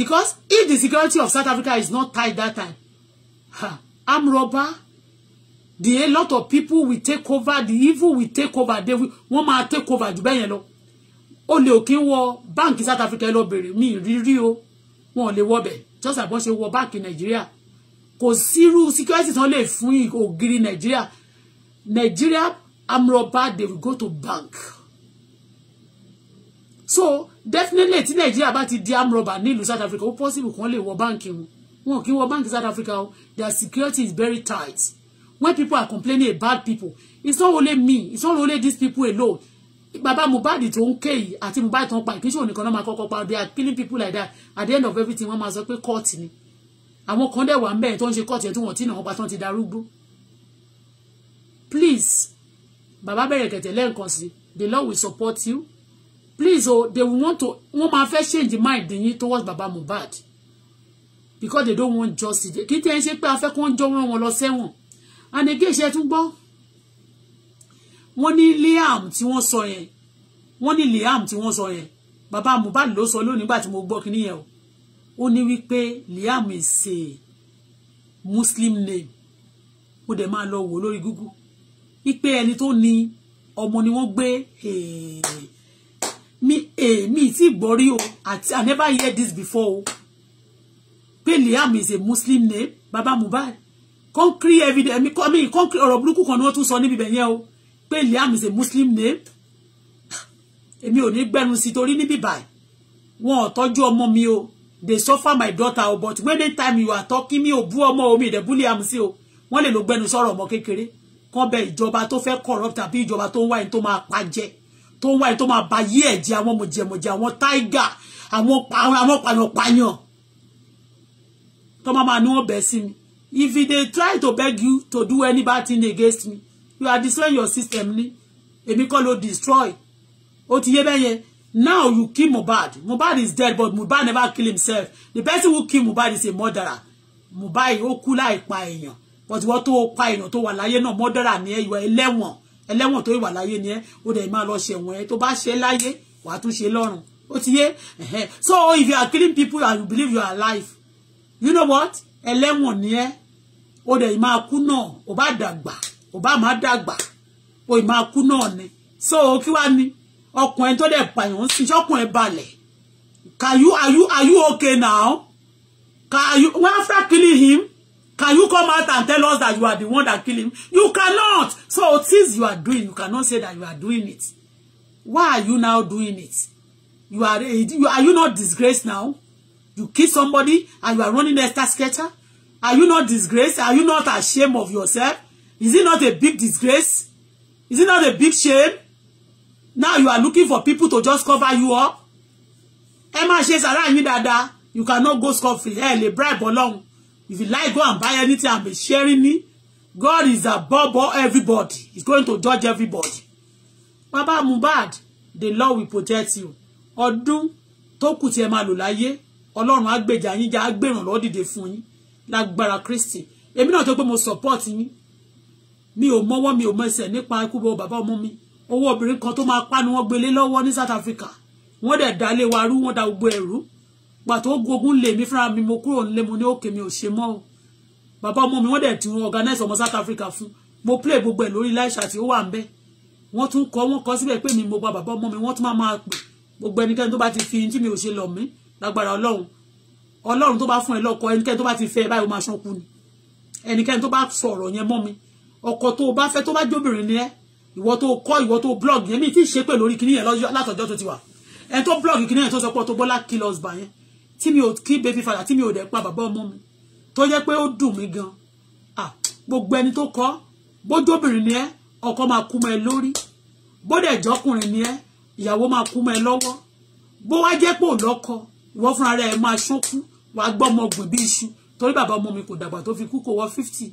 because if the security of South Africa is not tight that time ha, I'm robber the a lot of people will take over the evil will take over they will wọ́n máa take over jù bẹ́ẹ̀ yẹn lọ ó lè òkè wọ South Africa lọ bèrè mí rírí o wọn ò lè wọ bẹ̀ just àbọ̀ ṣe wọ báǹkì Nigeria kò sírú security tán lè fún ògiri Nigeria Nigeria amroba they will go to bank so definitely tí Nàìjíríà bá ti di amroba nílùú South Africa ó possible kàn lè wọ báǹkì wọn wọn kì í South Africa their security is very tight when people are complaining about people it's not only me it's not only these people alone baba Mohbad tó ń ké yìí àti Mohbad tó ń pa ìkíṣẹ́ òníkan náà máa kọ́kọ́ pa they are killing people like that at the end of everything wọ́n máa sọ pé court ni àwọn kan dẹ̀ wà ń bẹ̀rẹ̀ tó ń ṣe court yẹn tí wọ́n ti náà wọ́n pa tán ti darúgbó please baba bẹ̀rẹ̀ kẹ̀tẹ̀ lẹ́ǹkan sí the Lord will support you please o oh, they will want to wọ́n máa fẹ́ change mind yín towards baba Mohbad because they don't want justice kí tẹ́ ẹ ṣe pé afẹ́kọ́ ń jọ wọ́n wọn lọ sẹ́wọ̀n and again ṣe tún gbọ́ wọ́n Liam tí wọ́n sọ yẹn wọ́n ní Liam tí wọ́n sọ yẹn bàbá Mohbad ló sọ lónìí nígbà tí mo gbọ́ kíní yẹn o ó ní wípé Liam is a Muslim name mo dẹ̀ lo wo wò lórí I pe ẹni tó ní ọmọ ni wọ́n gbé mi èmi tí gbọ́rí o I never hear this before o pé Liam is a Muslim name bàbá Mohbad concrete evidence i mean concrete ọ̀rọ̀ burúkú kan ni wọ́n tún sọ níbi bẹ̀ o pé Liam is a muslim name èmi ò ní gbẹ́nu sí torí níbi báyìí wọn ò tọ́jú ọmọ mi o they suffer my daughter o but when time you are talking mi ò bú ọmọ omi ìdẹ̀bú Liam sí o wọ́n lè lo gbẹ́nu sọ̀rọ̀ ọmọ kékeré kan bẹ ìjọba to fẹ́ corrupt àbí ìjọba to ń wáyé tó máa pa jẹ tó ń wáyé tó máa ba yí ẹ̀jẹ̀ àwọn mọ̀jẹ̀mọ̀jẹ̀ àwọn tiger àwọn pààyàn pààyàn tó máa máa ní wọ́n bẹ̀ sí mi if they try to beg you to do any bad thing against me you are destroying your system ni èmi kọ́ ló destroy ó ti yé now you kill Mubad. Mubad is dead but Mubad never kill himself the person who kill Mubad is a murderer Mohbad ó kú láì pa èèyàn but ìwọ tó pa èèyàn tó wà láyé náà murderer ni you are ẹlẹ́wọ̀n ẹlẹ́wọ̀n tó wà láyé ni ẹ ó dẹ̀ máa lọ ṣẹ̀wọ̀n ẹ tó bá ṣe láyé wàá tún ṣe lọ́run ó ti yé so if you are killing people and you believe you are alive you know what ẹlẹ́wọ̀n ni ẹ ó dẹ̀ máa kú náà ó bá dàgbà ó bá má dàgbà ó máa kú náà ni so kí wá ni ọkùnrin tó dẹ̀ pààyàn ń sìn ṣọ́kùnrin balẹ̀ can you are you are you okay now can you when after killing him can you come out and tell us that you are the one that kill him you cannot so things you are doing you cannot say that you are doing it why are you now doing it you are eh, you are you not disgraced now you kill somebody and you are running extra skater Are you not disgraced? Are you not ashamed of yourself? Is it not a big disgrace? Is it not a big shame? Now you are looking for people to just cover you up. Ẹ má ṣe sàrá yín You cannot go scot-free. Ẹ The bribe belong. If you like, go and buy anything and be sharing me. God is above all everybody. He's going to judge everybody. Baba Mubad, the Lord will protect you. Ọdún tó kù ema ẹ máa lò láyé, Ọlọ́run á gbèjà yín jà á gbèrànlọ́dìde lágbára Kristi èmi náà tó pé mo support yín mi ò mọ́wọ́ mi ò mọ ẹsẹ̀ nípa ikú bọ bàbá ọmọ mi owó obìnrin kan tó máa pa ni wọ́n gbélé lọ́wọ́ ní South Africa wọ́n dẹ̀ dá lé wa rú wọ́n dá gbogbo ẹ̀rú pàtó ogun lè mí fúnra mi mo kúrò nílé mo ní òkè mi ò ṣe mọ́ o bàbá ọmọ mi wọ́n dẹ̀ ti wọn organize ọmọ South Africa fún mo play gbogbo ẹ̀ lórí láìsà tí ó wà ń bẹ́ wọ́n tún kọ́ wọ́n kọ́ síbẹ̀ pé mi mo gba bàbá ọmọ mi wọ́n tún máa máa pè gbogbo ẹnikẹ́ni tó bá ti fi tí mi ò ṣe lọ mí lágbára Ọlọ́run ọlọ́run tó bá fún ẹ lọ́kọ ẹnikẹ́ni tó bá ti fẹ́ ẹ báyìí ó máa ṣánkú ni ẹnikẹ́ni tó bá sọ ọ̀rọ̀ yẹn mọ́ mi ọkọ tó bá fẹ́ tó bá jóbìnrin ni ẹ ìwọ tó kọ́ ìwọ tó blog yẹn mi ti ṣe pé lórí kinní yẹn látọjọ́ tó ti wà ẹni tó blog kinní yẹn tó sọ pé Auto Bola killers bà yẹn tí mi ò kí baby father tí mi ò dẹ̀ pa bàbá ọmọ mi tó jẹ́ pé ó dùn mí gan ah gbogbo ẹni tó kọ́ bójóbìnrin ni ẹ ọkọ máa kú mọ́ ẹ lórí bódẹ̀jọ́kùnrin ni ẹ ìyàwó máa kú mọ́ ẹ lọ́wọ́ bó wá ìwọ fúnra rẹ̀ máa ṣókú wàá gbọ́ ọmọ ọgbìn bí iṣu torí bàbá ọmọ mi kò dàgbà tó fi kú kò wọ fifty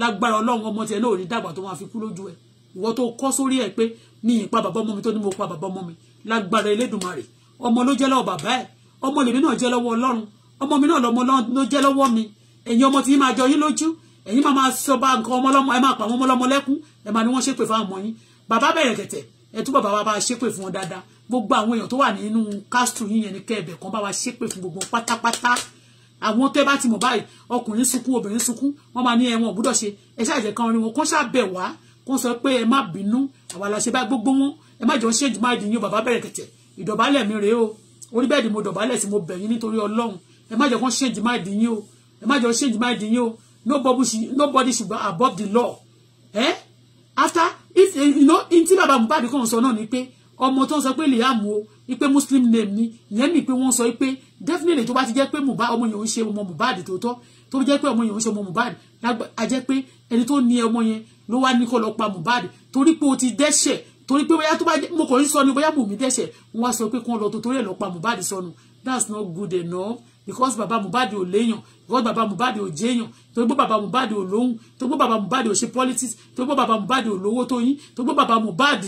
lágbára ọlọ́run ọmọ tiẹ̀ náà ò ní dàgbà tó máa fi kú lójú ẹ ìwọ tó kọ́ sórí ẹ pé mi pa bàbá ọmọ mi tó ní mo pa baba ọmọ mi lágbára elédùnmarè ọmọ ló jẹ́ baba, bàbá ẹ ọmọ lèmi náà jẹ́ lọ́wọ́ ọlọ́run ọmọ mi náà lọ́mọ ló jẹ́ lọ́wọ́ mi ẹ̀yin ọmọ tí yín máa jọ yín lójú ẹ̀yin máa máa sọ bá nǹkan ọmọlọ́mọ ẹ máa pa àwọn ọmọlọ́mọ lẹ́kún ẹ máa ní wọ́n ṣépè fáwọn ọmọ yín bàbá bẹ̀rẹ̀ kẹ̀tẹ̀ ẹ tún bàbá wa bá ṣépè fún wọn dáadáa gbogbo àwọn èèyàn tó wà nínú kásítù yín yẹn ní kẹ́ẹ̀bẹ̀ kan bá wa ṣépè fún gbogbo pátápátá àwọn tẹ́ bá ti mọ̀ báyìí ọkùnrin sunkún obìnrin sunkún wọ́n máa ní ẹ̀wọ̀n ògbúdọ̀ ṣe ẹ ṣáà jẹ́ kan rí wọn kó ṣàbẹ̀ wá kó sọ pé ẹ má bínú àwa la ṣe bá gbogbo wọn ẹ má jọ ṣe ìdìmọ̀ ìdìyàn bàbá bẹ̀rẹ̀ kẹ̀tẹ̀ ìdọ̀bálẹ̀ mi rèé o orí bẹ́ẹ̀ ni mo dọ̀bálẹ̀ sí mo bẹ̀ yín nítorí Ọlọ́run ẹ má jọ kán ṣe ìdìmọ̀ ìdìyàn o ẹ má jọ ṣe ìdìmọ̀ ìdìyàn o nobody should be above the law eh? after if you know ntí bàbá Mohbad kàn sọ náà ni pé ọmọ tó ń sọ pé liam o ipe muslim name ni ìyẹn ni pé wọ́n sọ pé definitely tó bá ti jẹ́ pé mohbad ọmọ yẹn ń ṣe ọmọ mohbad tòótọ́ tó jẹ́ pé ọmọ yẹn ń ṣe ọmọ mohbad a jẹ́ pé ẹni tó ní ọmọ yẹn ló wá ní kó lọ pa mohbad torí pé o ti dẹ́ṣẹ̀ torí pé bóyá tó bá mo kàn ń sọ ni bóyá mò ń dẹ́ṣẹ̀ wọ́n wá sọ pé kí wọ́n lọ tó torí ẹ̀ lọ pa mohbad sọnù that's not good enough because baba mohbad ò léèyàn because baba mohbad ò jéèyàn torí pé baba mohbad ò lóhùn torí pé baba mohbad ò ṣe politics torí pé baba mohbad ò lówó tó yín baba mohbad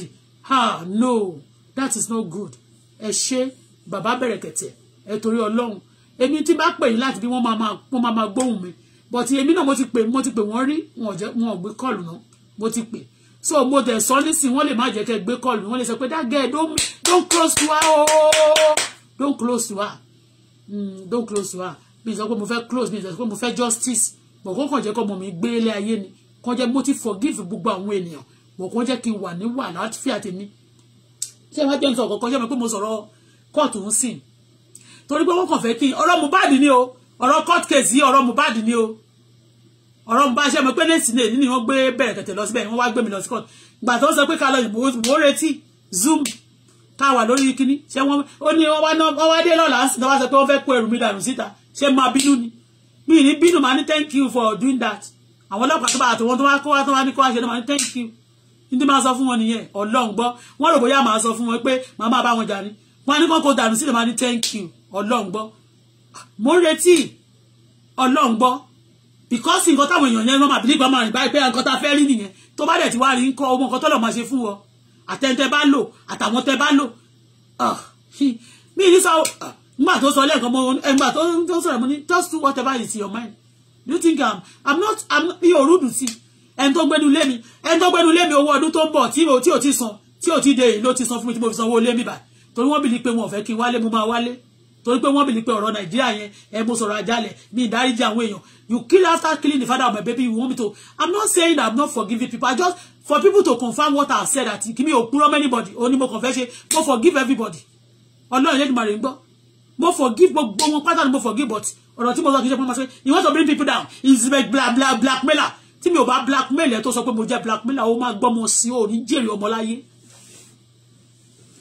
ah no that is not good ẹ ṣe bàbá bẹ̀rẹ̀kẹ̀tẹ̀ ẹ torí ọlọ́run èmi tí bá pè yín láti bí wọ́n máa wọ́n máa gbóhùn mi but èmi náà mo ti pè mo ti pè wọ́n rí wọn jẹ́ wọn ò gbé kọ́ọ̀lù náà mo ti pè so mo tẹ̀ sọ nísìnyí wọ́n lè má jẹ́ kẹ́ gbé kọ́ọ̀lù wọ́n lè sọ pé that girl don don close to her oh, don't close to her mm, don close to her mi sọ pé mo fẹ́ close mi sọ pé mo fẹ́ justice But kó kàn jẹ́ kọ́ ọmọ mi gbé ilé ayé ni kàn jẹ́ mo ti forgive gbogbo àwọn ènìyàn bọ̀ kó jẹ́ kí n wà ní wà láti àtẹ̀mí ṣé wọ́n jẹ́ ń sọ ọ̀kọ̀ọ̀kan ṣé mo pé mo sọ̀rọ̀ kóòtù ń sìn torí pé wọ́n kàn fẹ́ kí n ọ̀rọ̀ Mohbad ni o ọ̀rọ̀ court case yìí ọ̀rọ̀ Mohbad ni o ọ̀rọ̀ Mohbad ṣe mo pé nẹ́sì ní èyí ni wọ́n gbé bẹ̀rẹ̀ tẹ̀tẹ̀ lọ síbẹ̀ wọ́n wá gbé mi lọ sí court gbà tó sọ pé ká lọ ìbò mò ń retí zoom káwà lórí kíní ṣé wọ́n ó ní wọ́n wá dé lọ́la sí náà wá sọ pé wọ́n fẹ́ kó ẹrù mi dànù síta ṣé máa bínú ni mi ní bínú máa ní thank you for doing that àwọn ọlọ́pàá tó bá àtọwọ́n tó wá kó wá tó wá ní kó wá ṣe náà máa ní thank you nítorí máa sọ fún wọn nìyẹn ọlọ́run gbọ́ wọ́n rò bóyá máa sọ fún wọn pé màá máa bá wọn jà ní wọn á ní kókó dànù sílẹ̀ máa ní thank you ọlọ́run gbọ́ mo ń retí ọlọ́run gbọ́ because nǹkan táwọn èèyàn yẹn wọ́n máa bìlíkì wọ́n máa rìn báyìí pé nǹkan tá a fẹ́ rí nìyẹn tó bá dẹ̀ ti wá rí ń kọ́ ọmọ nǹkan tọ́lọ̀ máa ṣe fún wọn àtẹ̀ntẹ́ bá lò àtàwọn tẹ́ bá lò ah, mí ní sọ ah, nígbà tó sọ lẹ́ẹ̀kan mo ẹgbà eh, tó ń sọ̀rọ̀ mo ní just do whatever is in your mind you think i'm i'm not i'm mi ò rúdù sí i ẹni tó gbẹ́nu lé mi ẹni tó gbẹ́nu lé mi owó ọdún tó ń bọ̀ tí ò tí ò ti san tí ò ti dé yìí ló ti san fún mi tí mo fi san owó lé mi báyìí torí wọ́n bìlí pé wọn ò fẹ́ kí n wálé mo máa wálé torí pé wọ́n bìlí pé ọ̀rọ̀ nàìjíríà yẹn ẹ mo sọ̀rọ̀ àjálẹ̀ mi ìdáríjì àwọn èèyàn you kill after killing the father of my baby you want me to i'm not saying that i'm not forgiving people i just for people to confirm what i said that kí mi ò kúrọ́ anybody ó ní mo confess mo forgive everybody ọlọ́run yẹn ni màrí ń gbọ́ mo forgive gbogbo wọn pátá ni mo forgive but ọ̀rọ̀ tí mo sọ kì í ṣe pọ́n máa ṣe you want to bring people down is like bla bla blackmailer tí mi ò bá blackmail ẹ tó sọ pé mo jẹ́ blackmailer ó máa gbọ́mọ sí ò ní jèrè ọmọ láyé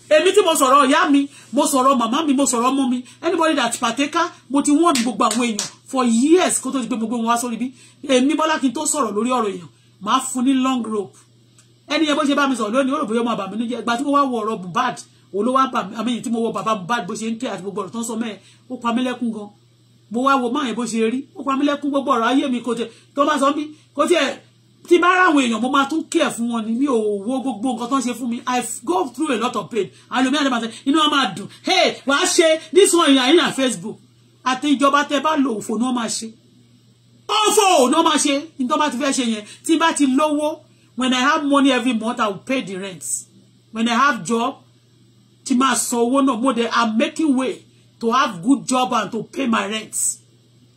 èmi tí mo sọ̀rọ̀ ìyá mi mo sọ̀rọ̀ màmá mi mo sọ̀rọ̀ ọmọ mi anybody that partake mo ti wọ́n gbogbo àwọn èèyàn for years kó tó di pé gbogbo wọn wá sórí bí èmi bọ́lá kí n tó sọ̀rọ̀ lórí ọ̀rọ̀ èèyàn máa fún long rope ẹni yẹn bó ṣe bá mi sọ̀rọ̀ lónìí ó rò bóyá ọmọ àbàmì níjẹ́ ìgbà tí mo wá wọ ọ̀rọ̀ Mohbad olówó àbàmì àmì tí mo wọ bàbá bad bo ṣe ń tẹ́ àti gbogbo ọ̀rọ̀ tó ń sọ mẹ́ẹ̀ pa mí lẹ́kún gan mo wá wo máa yẹn bó ṣe rí ó pa mí lẹ́kún gbogbo ọ̀rọ̀ ayé mi kò tẹ tó bá sọ mí kò tiẹ̀ tí bá ráwọn èèyàn mo máa tún care fún wọn ni mi ò wo gbogbo nǹkan tó ń ṣe fún mi i go through a lot of pain àlòmí àdébà sẹ inú wọn máa dùn hey wàá ṣe this one ìyá yín na facebook àti ìjọba tẹ bá lò òfò ni wọn máa ṣe òfò ni wọn máa ṣe ní tó bá ti fẹ́ ṣe yẹn tí bá ti lówó when i have money every month i will pay the rent when i have job ti máa san owó náà mo dey i'm making way to have good job and to pay my rents,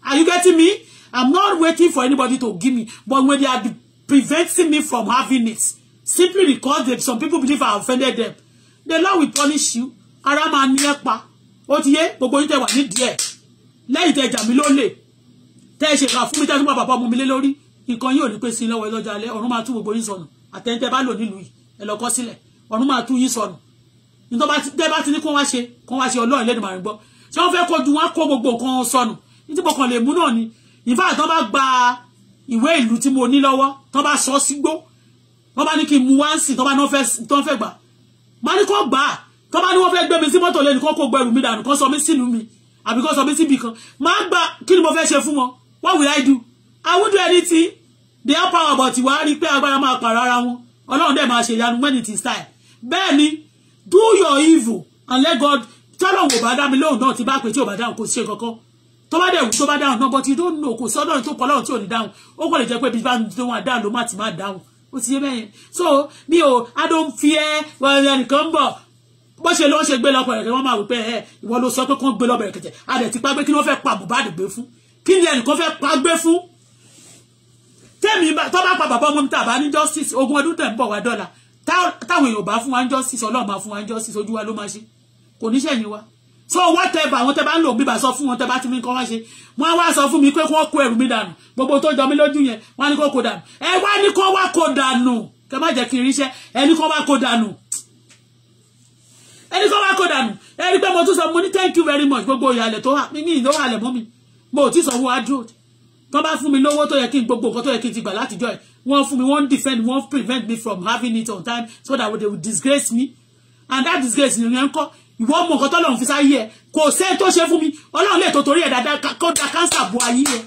are you getting me i'm not waiting for anybody to give me but when they are preventing me from having it simply because that some people believe i offended them the Lord will punish you ara máa ní ẹ pa ó ti yé gbogbo yín tẹ wà nídìí ẹ lẹ́yìn tẹ jà mí lólè tẹ ẹ ṣèkà fún mi tẹ ẹ tún bá bàbá ọmọ mi lé lórí nǹkan yóò ní pé sí lọ́wọ́ ẹlọ́jà alẹ́ ọ̀run máa tún gbogbo yín sọnù àtẹ̀yìntẹ́ bá lò nílùú yìí ẹ lọ tí wọ́n fẹ́ kojú wọn kó gbogbo nǹkan sọnù nítorí mo kàn lè mú náà ni ìfáà tán bá gba ìwé ìlú tí mo ní lọ́wọ́ tán bá sọ sígbó tán bá ní kí n mu wáǹsì tán bá ní wọ́n fẹ́ gbà má ní kó gbà á tán bá ní wọ́n fẹ́ gbé mi sí mọ́tò lẹ́nu kó kó gbẹrù mi dànù kó sọ mí sínú mi àbí kó sọ mí síbi kan má gbà kí ni mo fẹ́ ṣe fún wọn what will I do I won't do anything they have power but wàá rí pé agbára máa pààrọ̀ ara wọn ọlọ́run dẹ̀ máa ṣe ìyanu when it is time bẹ́ẹ̀ ni do your evil and let God tọ́lọ̀ wò bá dá mi lóhùn náà tí bá pè tí ò bá dáhùn kò ṣe kankan tó bá dẹ̀ wù tó bá dáhùn náà bọ́tí tó nù kò sọ́dọ̀ tó kọ́ lọ́run tí ò ní dáhùn ó kò lè jẹ́ pé bí bá ń tó wọn dáhùn ló má ti má dáhùn ó ti yé mẹ́yìn so mi ò á ló ń fi ẹ́ ẹnìkan ń bọ̀ bó ṣe ló ń ṣe gbé lọ pẹ̀rẹ̀kẹ̀ wọ́n máa wí pé ẹ ìwọ ló sọ pé kó ń gbé lọ pẹ̀rẹ̀kẹ̀tẹ̀ a dẹ̀ ti pa pé kí ló fẹ́ pa Mohbad gbé fún kí ni ẹnìkan fẹ́ pa gbé fún tẹ́mi tó bá pa bàbá ọmọ mi tàbá ní táwọn èèyàn bá fún wa ní justice ọlọ́run máa fún wa ní justice ojú wa ló máa ṣe kò ní ṣẹ̀yìn wa so whatever àwọn tẹ bá ń lò bíbà sọ fún wọn tẹ bá ti ní kọ́ wá ṣe wọ́n á wá sọ fún mi pé wọ́n kó ẹrù mi dànù gbogbo tó jọ mí lójú yẹn wọ́n á ní kó kó dànù ẹ wá ní kó wá kó dànù kẹ má jẹ́ kí n ríṣẹ́ ẹ ní kó wá kó dànù ẹ ní kó wá kó dànù ẹ rí pé mo tún sọ mo ní thank you very much gbogbo ìyàlẹ̀ tó wà mí mi ìlú wàlẹ̀ mọ́ mi mo ò tí sọ wọ́n á dúró tán bá fún mi lówó tó yẹ kí n gbogbo nǹkan tó yẹ kí n ti gbà látijọ́ ẹ̀ wọ́n fún mi wọ́n defend wọ́n prevent me from having it on time so that they will disgrace me and that disgrace ni yẹn ń kọ́ ìwọ mọ nǹkan tọ́lọ́run fi sáyé ẹ kò sẹ́ni tó ṣe fún mi ọlọ́run lè tó torí ẹ̀ dáadáa kó da cancer bu ayé ẹ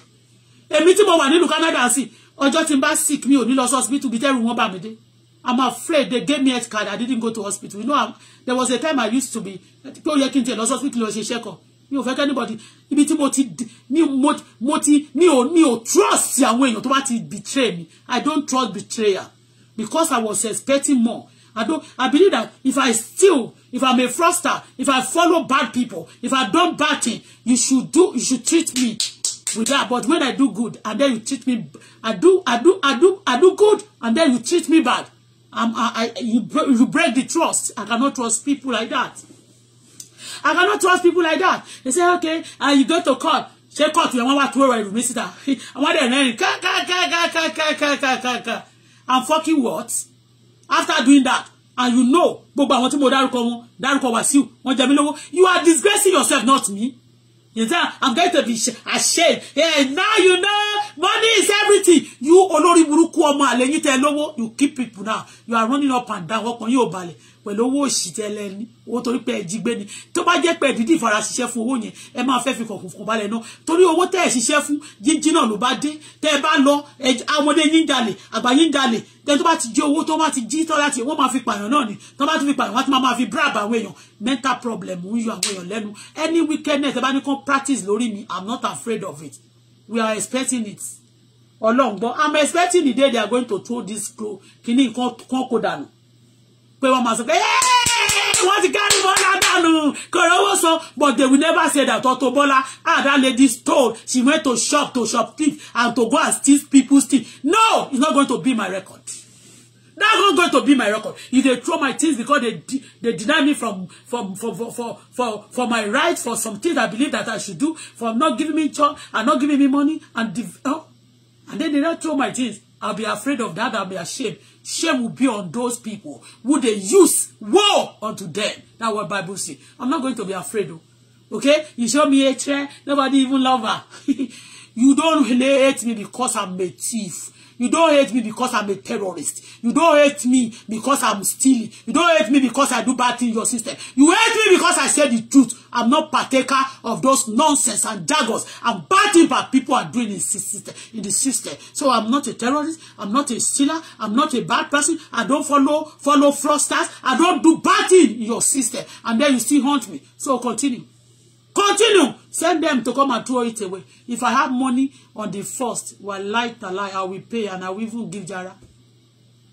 èmi tí mo wà nílùú Canada sí ọjọ́ tí n bá sick mi ò ní lọ sí hospital bí tẹ́rù wọn bá mi dé I'm afraid they gave me health card I didn't go to hospital you know I'm, there was a time I used to be pé ó yẹ kí n tiẹ̀ lọ sí hospital lọ ṣe check up mi ò fẹ́ kẹ́ anybody ibi tí mo ti mi mo, mo ti mi ò mi ò trust àwọn èèyàn tó bá ti betray me I don't trust betrayer because I was expecting more I don't I believe that if I still if I'm a fraudster, if I follow bad people, if I don't bad thing, you should do, you should treat me with that. But when I do good, and then you treat me, I do, I do, I do, I do good, and then you treat me bad. I'm, I, I, you, you break the trust. I cannot trust people like that. I cannot trust people like that. They say, okay, and uh, you go to court. Ṣé kóòtù yẹn want wá tó ẹ̀rọ ìlú mi síta? Àwọn ẹ̀rọ ẹ̀rìn ká ká ká ká ká ká ká ká I'm fucking what? After doing that, and you know gbogbo àwọn tí mo dárúkọ wọn dárúkọ Wàsíù wọn jẹ mí lówó you are disgracing yourself not me you know i'm going to be ashamed hey, eh, now you know money is everything you olórí burúkú ọmọ àlè tẹ lówó you keep people now you are running up and down ọkàn yóò balẹ̀ pẹ̀lú owó òṣì tẹ́lẹ̀ ní owó torí pé ẹ jí gbé ni tó bá jẹ́ pé dídì ìfara ṣiṣẹ́ fún owó yẹn ẹ máa fẹ́ fi kọ̀ọ̀kan balẹ̀ náà torí owó tẹ́ ẹ ṣiṣẹ́ fún jíjí náà ló bá dé tẹ́ ẹ bá lọ ọmọdé yín jalè àgbà yín jalè tẹ́ tó bá ti jí owó tó bá ti jí tọ́ láti wọ́n máa fi pààyàn náà ni tó bá tún fi pààyàn wọ́n ti máa fi brab àwọn èèyàn mental problem ń yọ àwọn èèyàn lẹ́nu any wickedness ẹ bá ní kàn practice lórí mi i'm not afraid of it we are expecting it ọlọ́ngbọ́n i'm expecting the day they are going to throw this kini nǹkan kan kó dànù pé wọ́n máa sọ pé wọ́n ti kárí Bọ́lá dànù kòrówó sọ but they will never say that Auto Bola ah that lady stole she went to shop to shop thief and to go and steal people's things no it's not going to be my record that's not going to be my record if they throw my things because they de they deny me from from for for for for my right for some things I believe that I should do for not giving me job and not giving me money and the oh and then they don't throw my things I'll be afraid of that. I'll be ashamed. Shame will be on those people. Would they use war unto them? That's what Bible says. I'm not going to be afraid of. Okay? You show me hatred, nobody even love her. you don't hate me because I'm a thief. You don't hate me because I'm a terrorist. You don't hate me because I'm stealing. You don't hate me because I do bad things in your system. You hate me because I say the truth. I'm not partaker of those nonsense and daggers and bad things that people are doing in system. In the system. So I'm not a terrorist. I'm not a stealer. I'm not a bad person. I don't follow follow fraudsters. I don't do bad things in your system. And then you still haunt me. So continue. Continue. Send them to come and throw it away. If I have money on the first, well, light a lie, I will pay and I will even give Jara.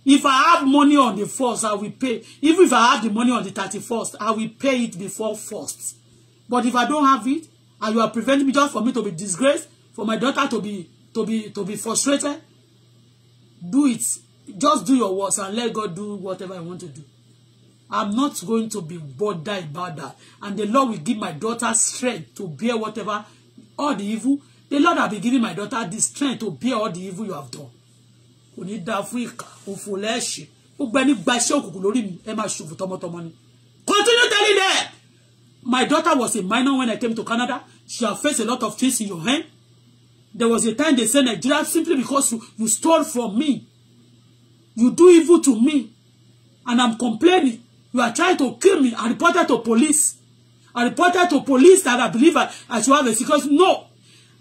If I have money on the first, I will pay. Even if I have the money on the 31st, I will pay it before first. But if I don't have it, and you are preventing me just for me to be disgraced, for my daughter to be to be to be frustrated, do it. Just do your works and let God do whatever I want to do. I'm not going to be bothered about that. And the Lord will give my daughter strength to bear whatever, all the evil. The Lord will be giving my daughter the strength to bear all the evil you have done. Kò ní dáa fún ìkà, òfò lẹ́ẹ̀ṣì. Gbogbo ẹni gba iṣẹ́ òkùnkùn lórí mi, ẹ máa ṣòfò tọmọtọmọ ni. Continue telling them. My daughter was a minor when I came to Canada. She had faced a lot of things in your hand. There was a time they said Nigeria simply because you, you stole from me. You do evil to me. And I'm complaining. You are trying to kill me. I reported to police. I reported to police that I believe I, I should have a secret. No.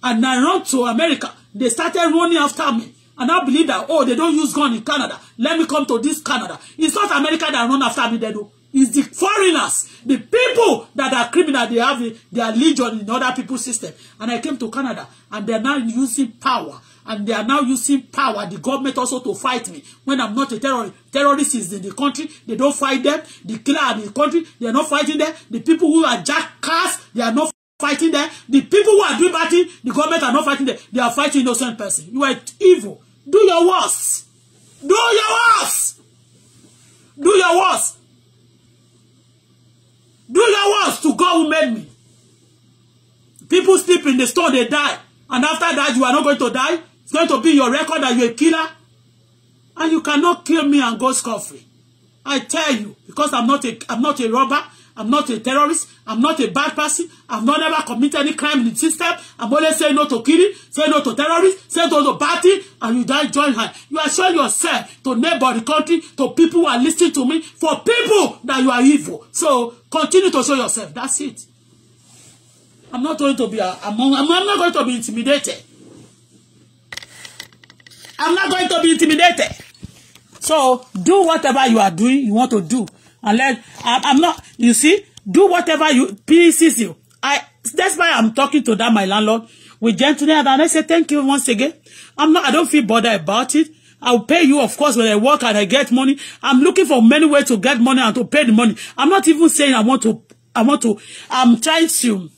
And I run to America. They started running after me. And I believe that, oh, they don't use gun in Canada. Let me come to this Canada. It's not America that run after me, they do. It's the foreigners, the people that are criminal. They have their legion in other people's system. And I came to Canada, and they're now using power and they are now using power, the government also to fight me. When I'm not a terrorist, terrorists is in the country, they don't fight them. The killer are in the country, they are not fighting them. The people who are jackass, they are not fighting them. The people who are doing bad thing, the government are not fighting them. They are fighting innocent person. You are evil. Do your worst. Do your worst. Do your worst. Do your worst to God who made me. People sleep in the store, they die. And after that, you are not going to die. It's going to be your record that you're a killer. And you cannot kill me and go scot-free. I tell you, because I'm not a I'm not a robber, I'm not a terrorist, I'm not a bad person, I've not ever committed any crime in the system. I'm only saying no to killing, saying no to terrorists, saying no to party, and you die join her. You are showing yourself to neighbor the country, to people who are listening to me, for people that you are evil. So continue to show yourself. That's it. I'm not going to be a, I'm, I'm not going to be intimidated. I'm not going to be intimidated. So do whatever you are doing, you want to do. And let, I, I'm not, you see, do whatever you pleases you. I, that's why I'm talking to that, my landlord, with gentleness. And I say, thank you once again. I'm not, I don't feel bothered about it. I'll pay you, of course, when I work and I get money. I'm looking for many ways to get money and to pay the money. I'm not even saying I want to, I want to, I'm trying to,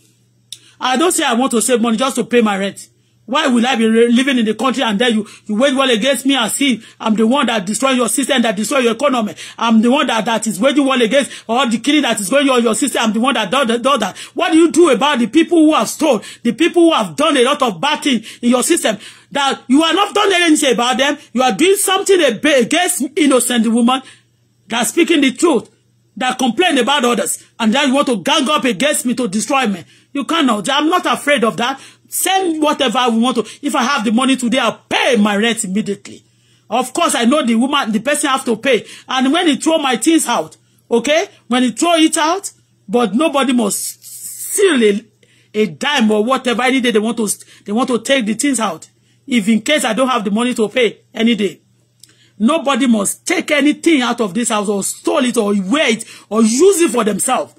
I don't say I want to save money just to pay my rent. Why will I be living in the country and then you, you wage war against me as if I'm the one that destroy your system, that destroy your economy. I'm the one that, that is waging war against all the killing that is going on your system. I'm the one that does, does that. What do you do about the people who have stolen the people who have done a lot of bad thing in your system? That you are not done anything about them. You are doing something against innocent woman that speaking the truth that complain about others and then you want to gang up against me to destroy me. You cannot. I'm not afraid of that. Send whatever I want to. If I have the money today, I'll pay my rent immediately. Of course, I know the woman, the person have to pay. And when he throw my things out, okay? When he throw it out, but nobody must steal a, a dime or whatever any day they want to they want to take the things out. If in case I don't have the money to pay any day. Nobody must take anything out of this house or steal it or wear it or use it for themselves.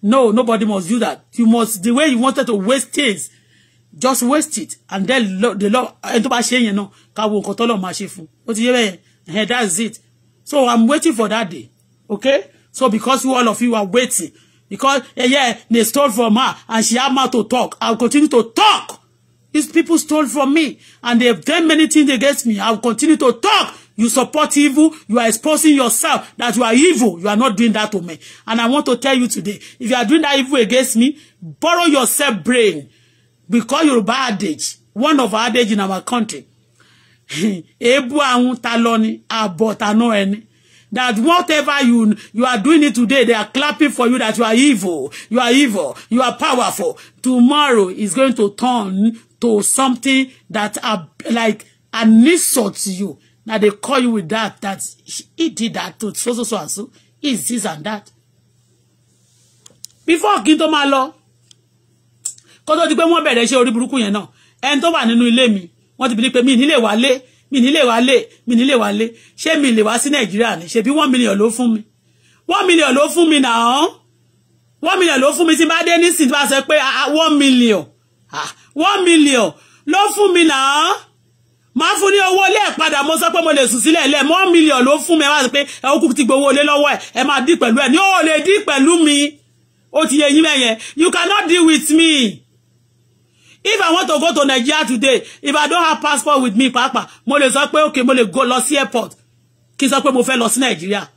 No, nobody must do that. You must, the way you wanted to waste things, just waste it and then lo the law ẹni tó bá ṣe yẹn náà ká wo nǹkan tọ́lọ̀ máa ṣe fún ó ti yé bẹ́ẹ̀ yẹn that's it so i'm waiting for that day okay so because you, all of you are waiting because uh, yeah they stole from her and she had mouth to talk i'll continue to talk these people stole from me and they have done many things against me i'll continue to talk you support evil. You are exposing yourself that you are evil. You are not doing that to me. And I want to tell you today, if you are doing that evil against me, borrow yourself brain because Yoruba adage one of our adage in our country ebu àwọn ta lọ ni àbọ̀tánú ẹni that whatever you you are doing it today they are clapping for you that you are evil you are evil you are powerful tomorrow is going to turn to something that are like an insult to you now they call you with that that he did that to so so so and so is this and that before kí to tó máa lọ kó tó di pé wọ́n bẹ̀rẹ̀ iṣẹ́ orí burúkú yẹn náà ẹni tó wà nínú ilé mi wọ́n ti bi ní pé mi nílé wa lé mi nílé wá lé mi nílé wá lé ṣé mi lè wá sí nàìjíríà ni ṣebí one million ló fún mi one million ló fún mi náà one million ló fún mi tí bá dé ní sìn bá sọ pé ah, ah, one million ah, one million ló fún mi náà máa fún ní owó ilé ìpadà mo sọ pé mo lè sùn sílẹ̀ ilé one million ló fún mi ẹ wá sí pé ẹ ó kú ti gbowó ilé lọ́wọ́ ẹ ẹ máa dí pẹ̀lú ẹ ní ó lè pẹ̀lú mi ó ti yẹ yín mẹ́yẹn you cannot deal with me if i want to go to nigeria today if i don't have passport with me Papa, mo lè sọ pé okay mo lè go lọ sí airport kí n sọ mo fe lọ sí nigeria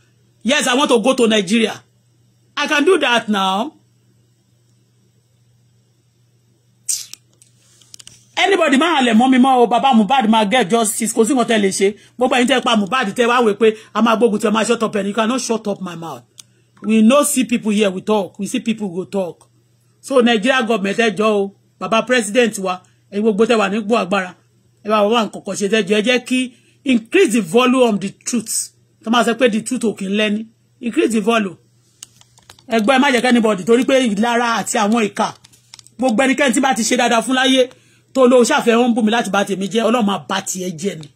yes i want to go to nigeria i can do that now anybody máa le mọ́ mi mọ́ o bàbá Mohbad máa get justice kò sí nǹkan tẹ́ lè ṣe gbogbo ẹ̀yin tẹ́ pa Mohbad tẹ́ wá wí pé a máa gbógun tí a shut up and you cannot shut up my mouth we no see people here we talk we see people go talk so Nigeria government ẹ jọ̀ọ́ o Baba president wa ẹ̀yin gbogbo tẹ́ wà nípò agbára ẹ bá wà nǹkankan ṣe tẹ́jọ ẹ jẹ́ kí increase the volume of the truth tó máa sọ pé the truth ò kí ń increase the volume ẹgbẹ́ má jẹ́ kẹ́nibọ̀dì torí pé ìlara àti àwọn ìka gbogbo ẹnikẹ́ni tí bá ti ṣe dáadáa fún láyé tó lo ṣàfẹ́ ń bù mí láti bá tèmi jẹ́ ọlọ́run máa bá tiẹ̀ jẹ́ ni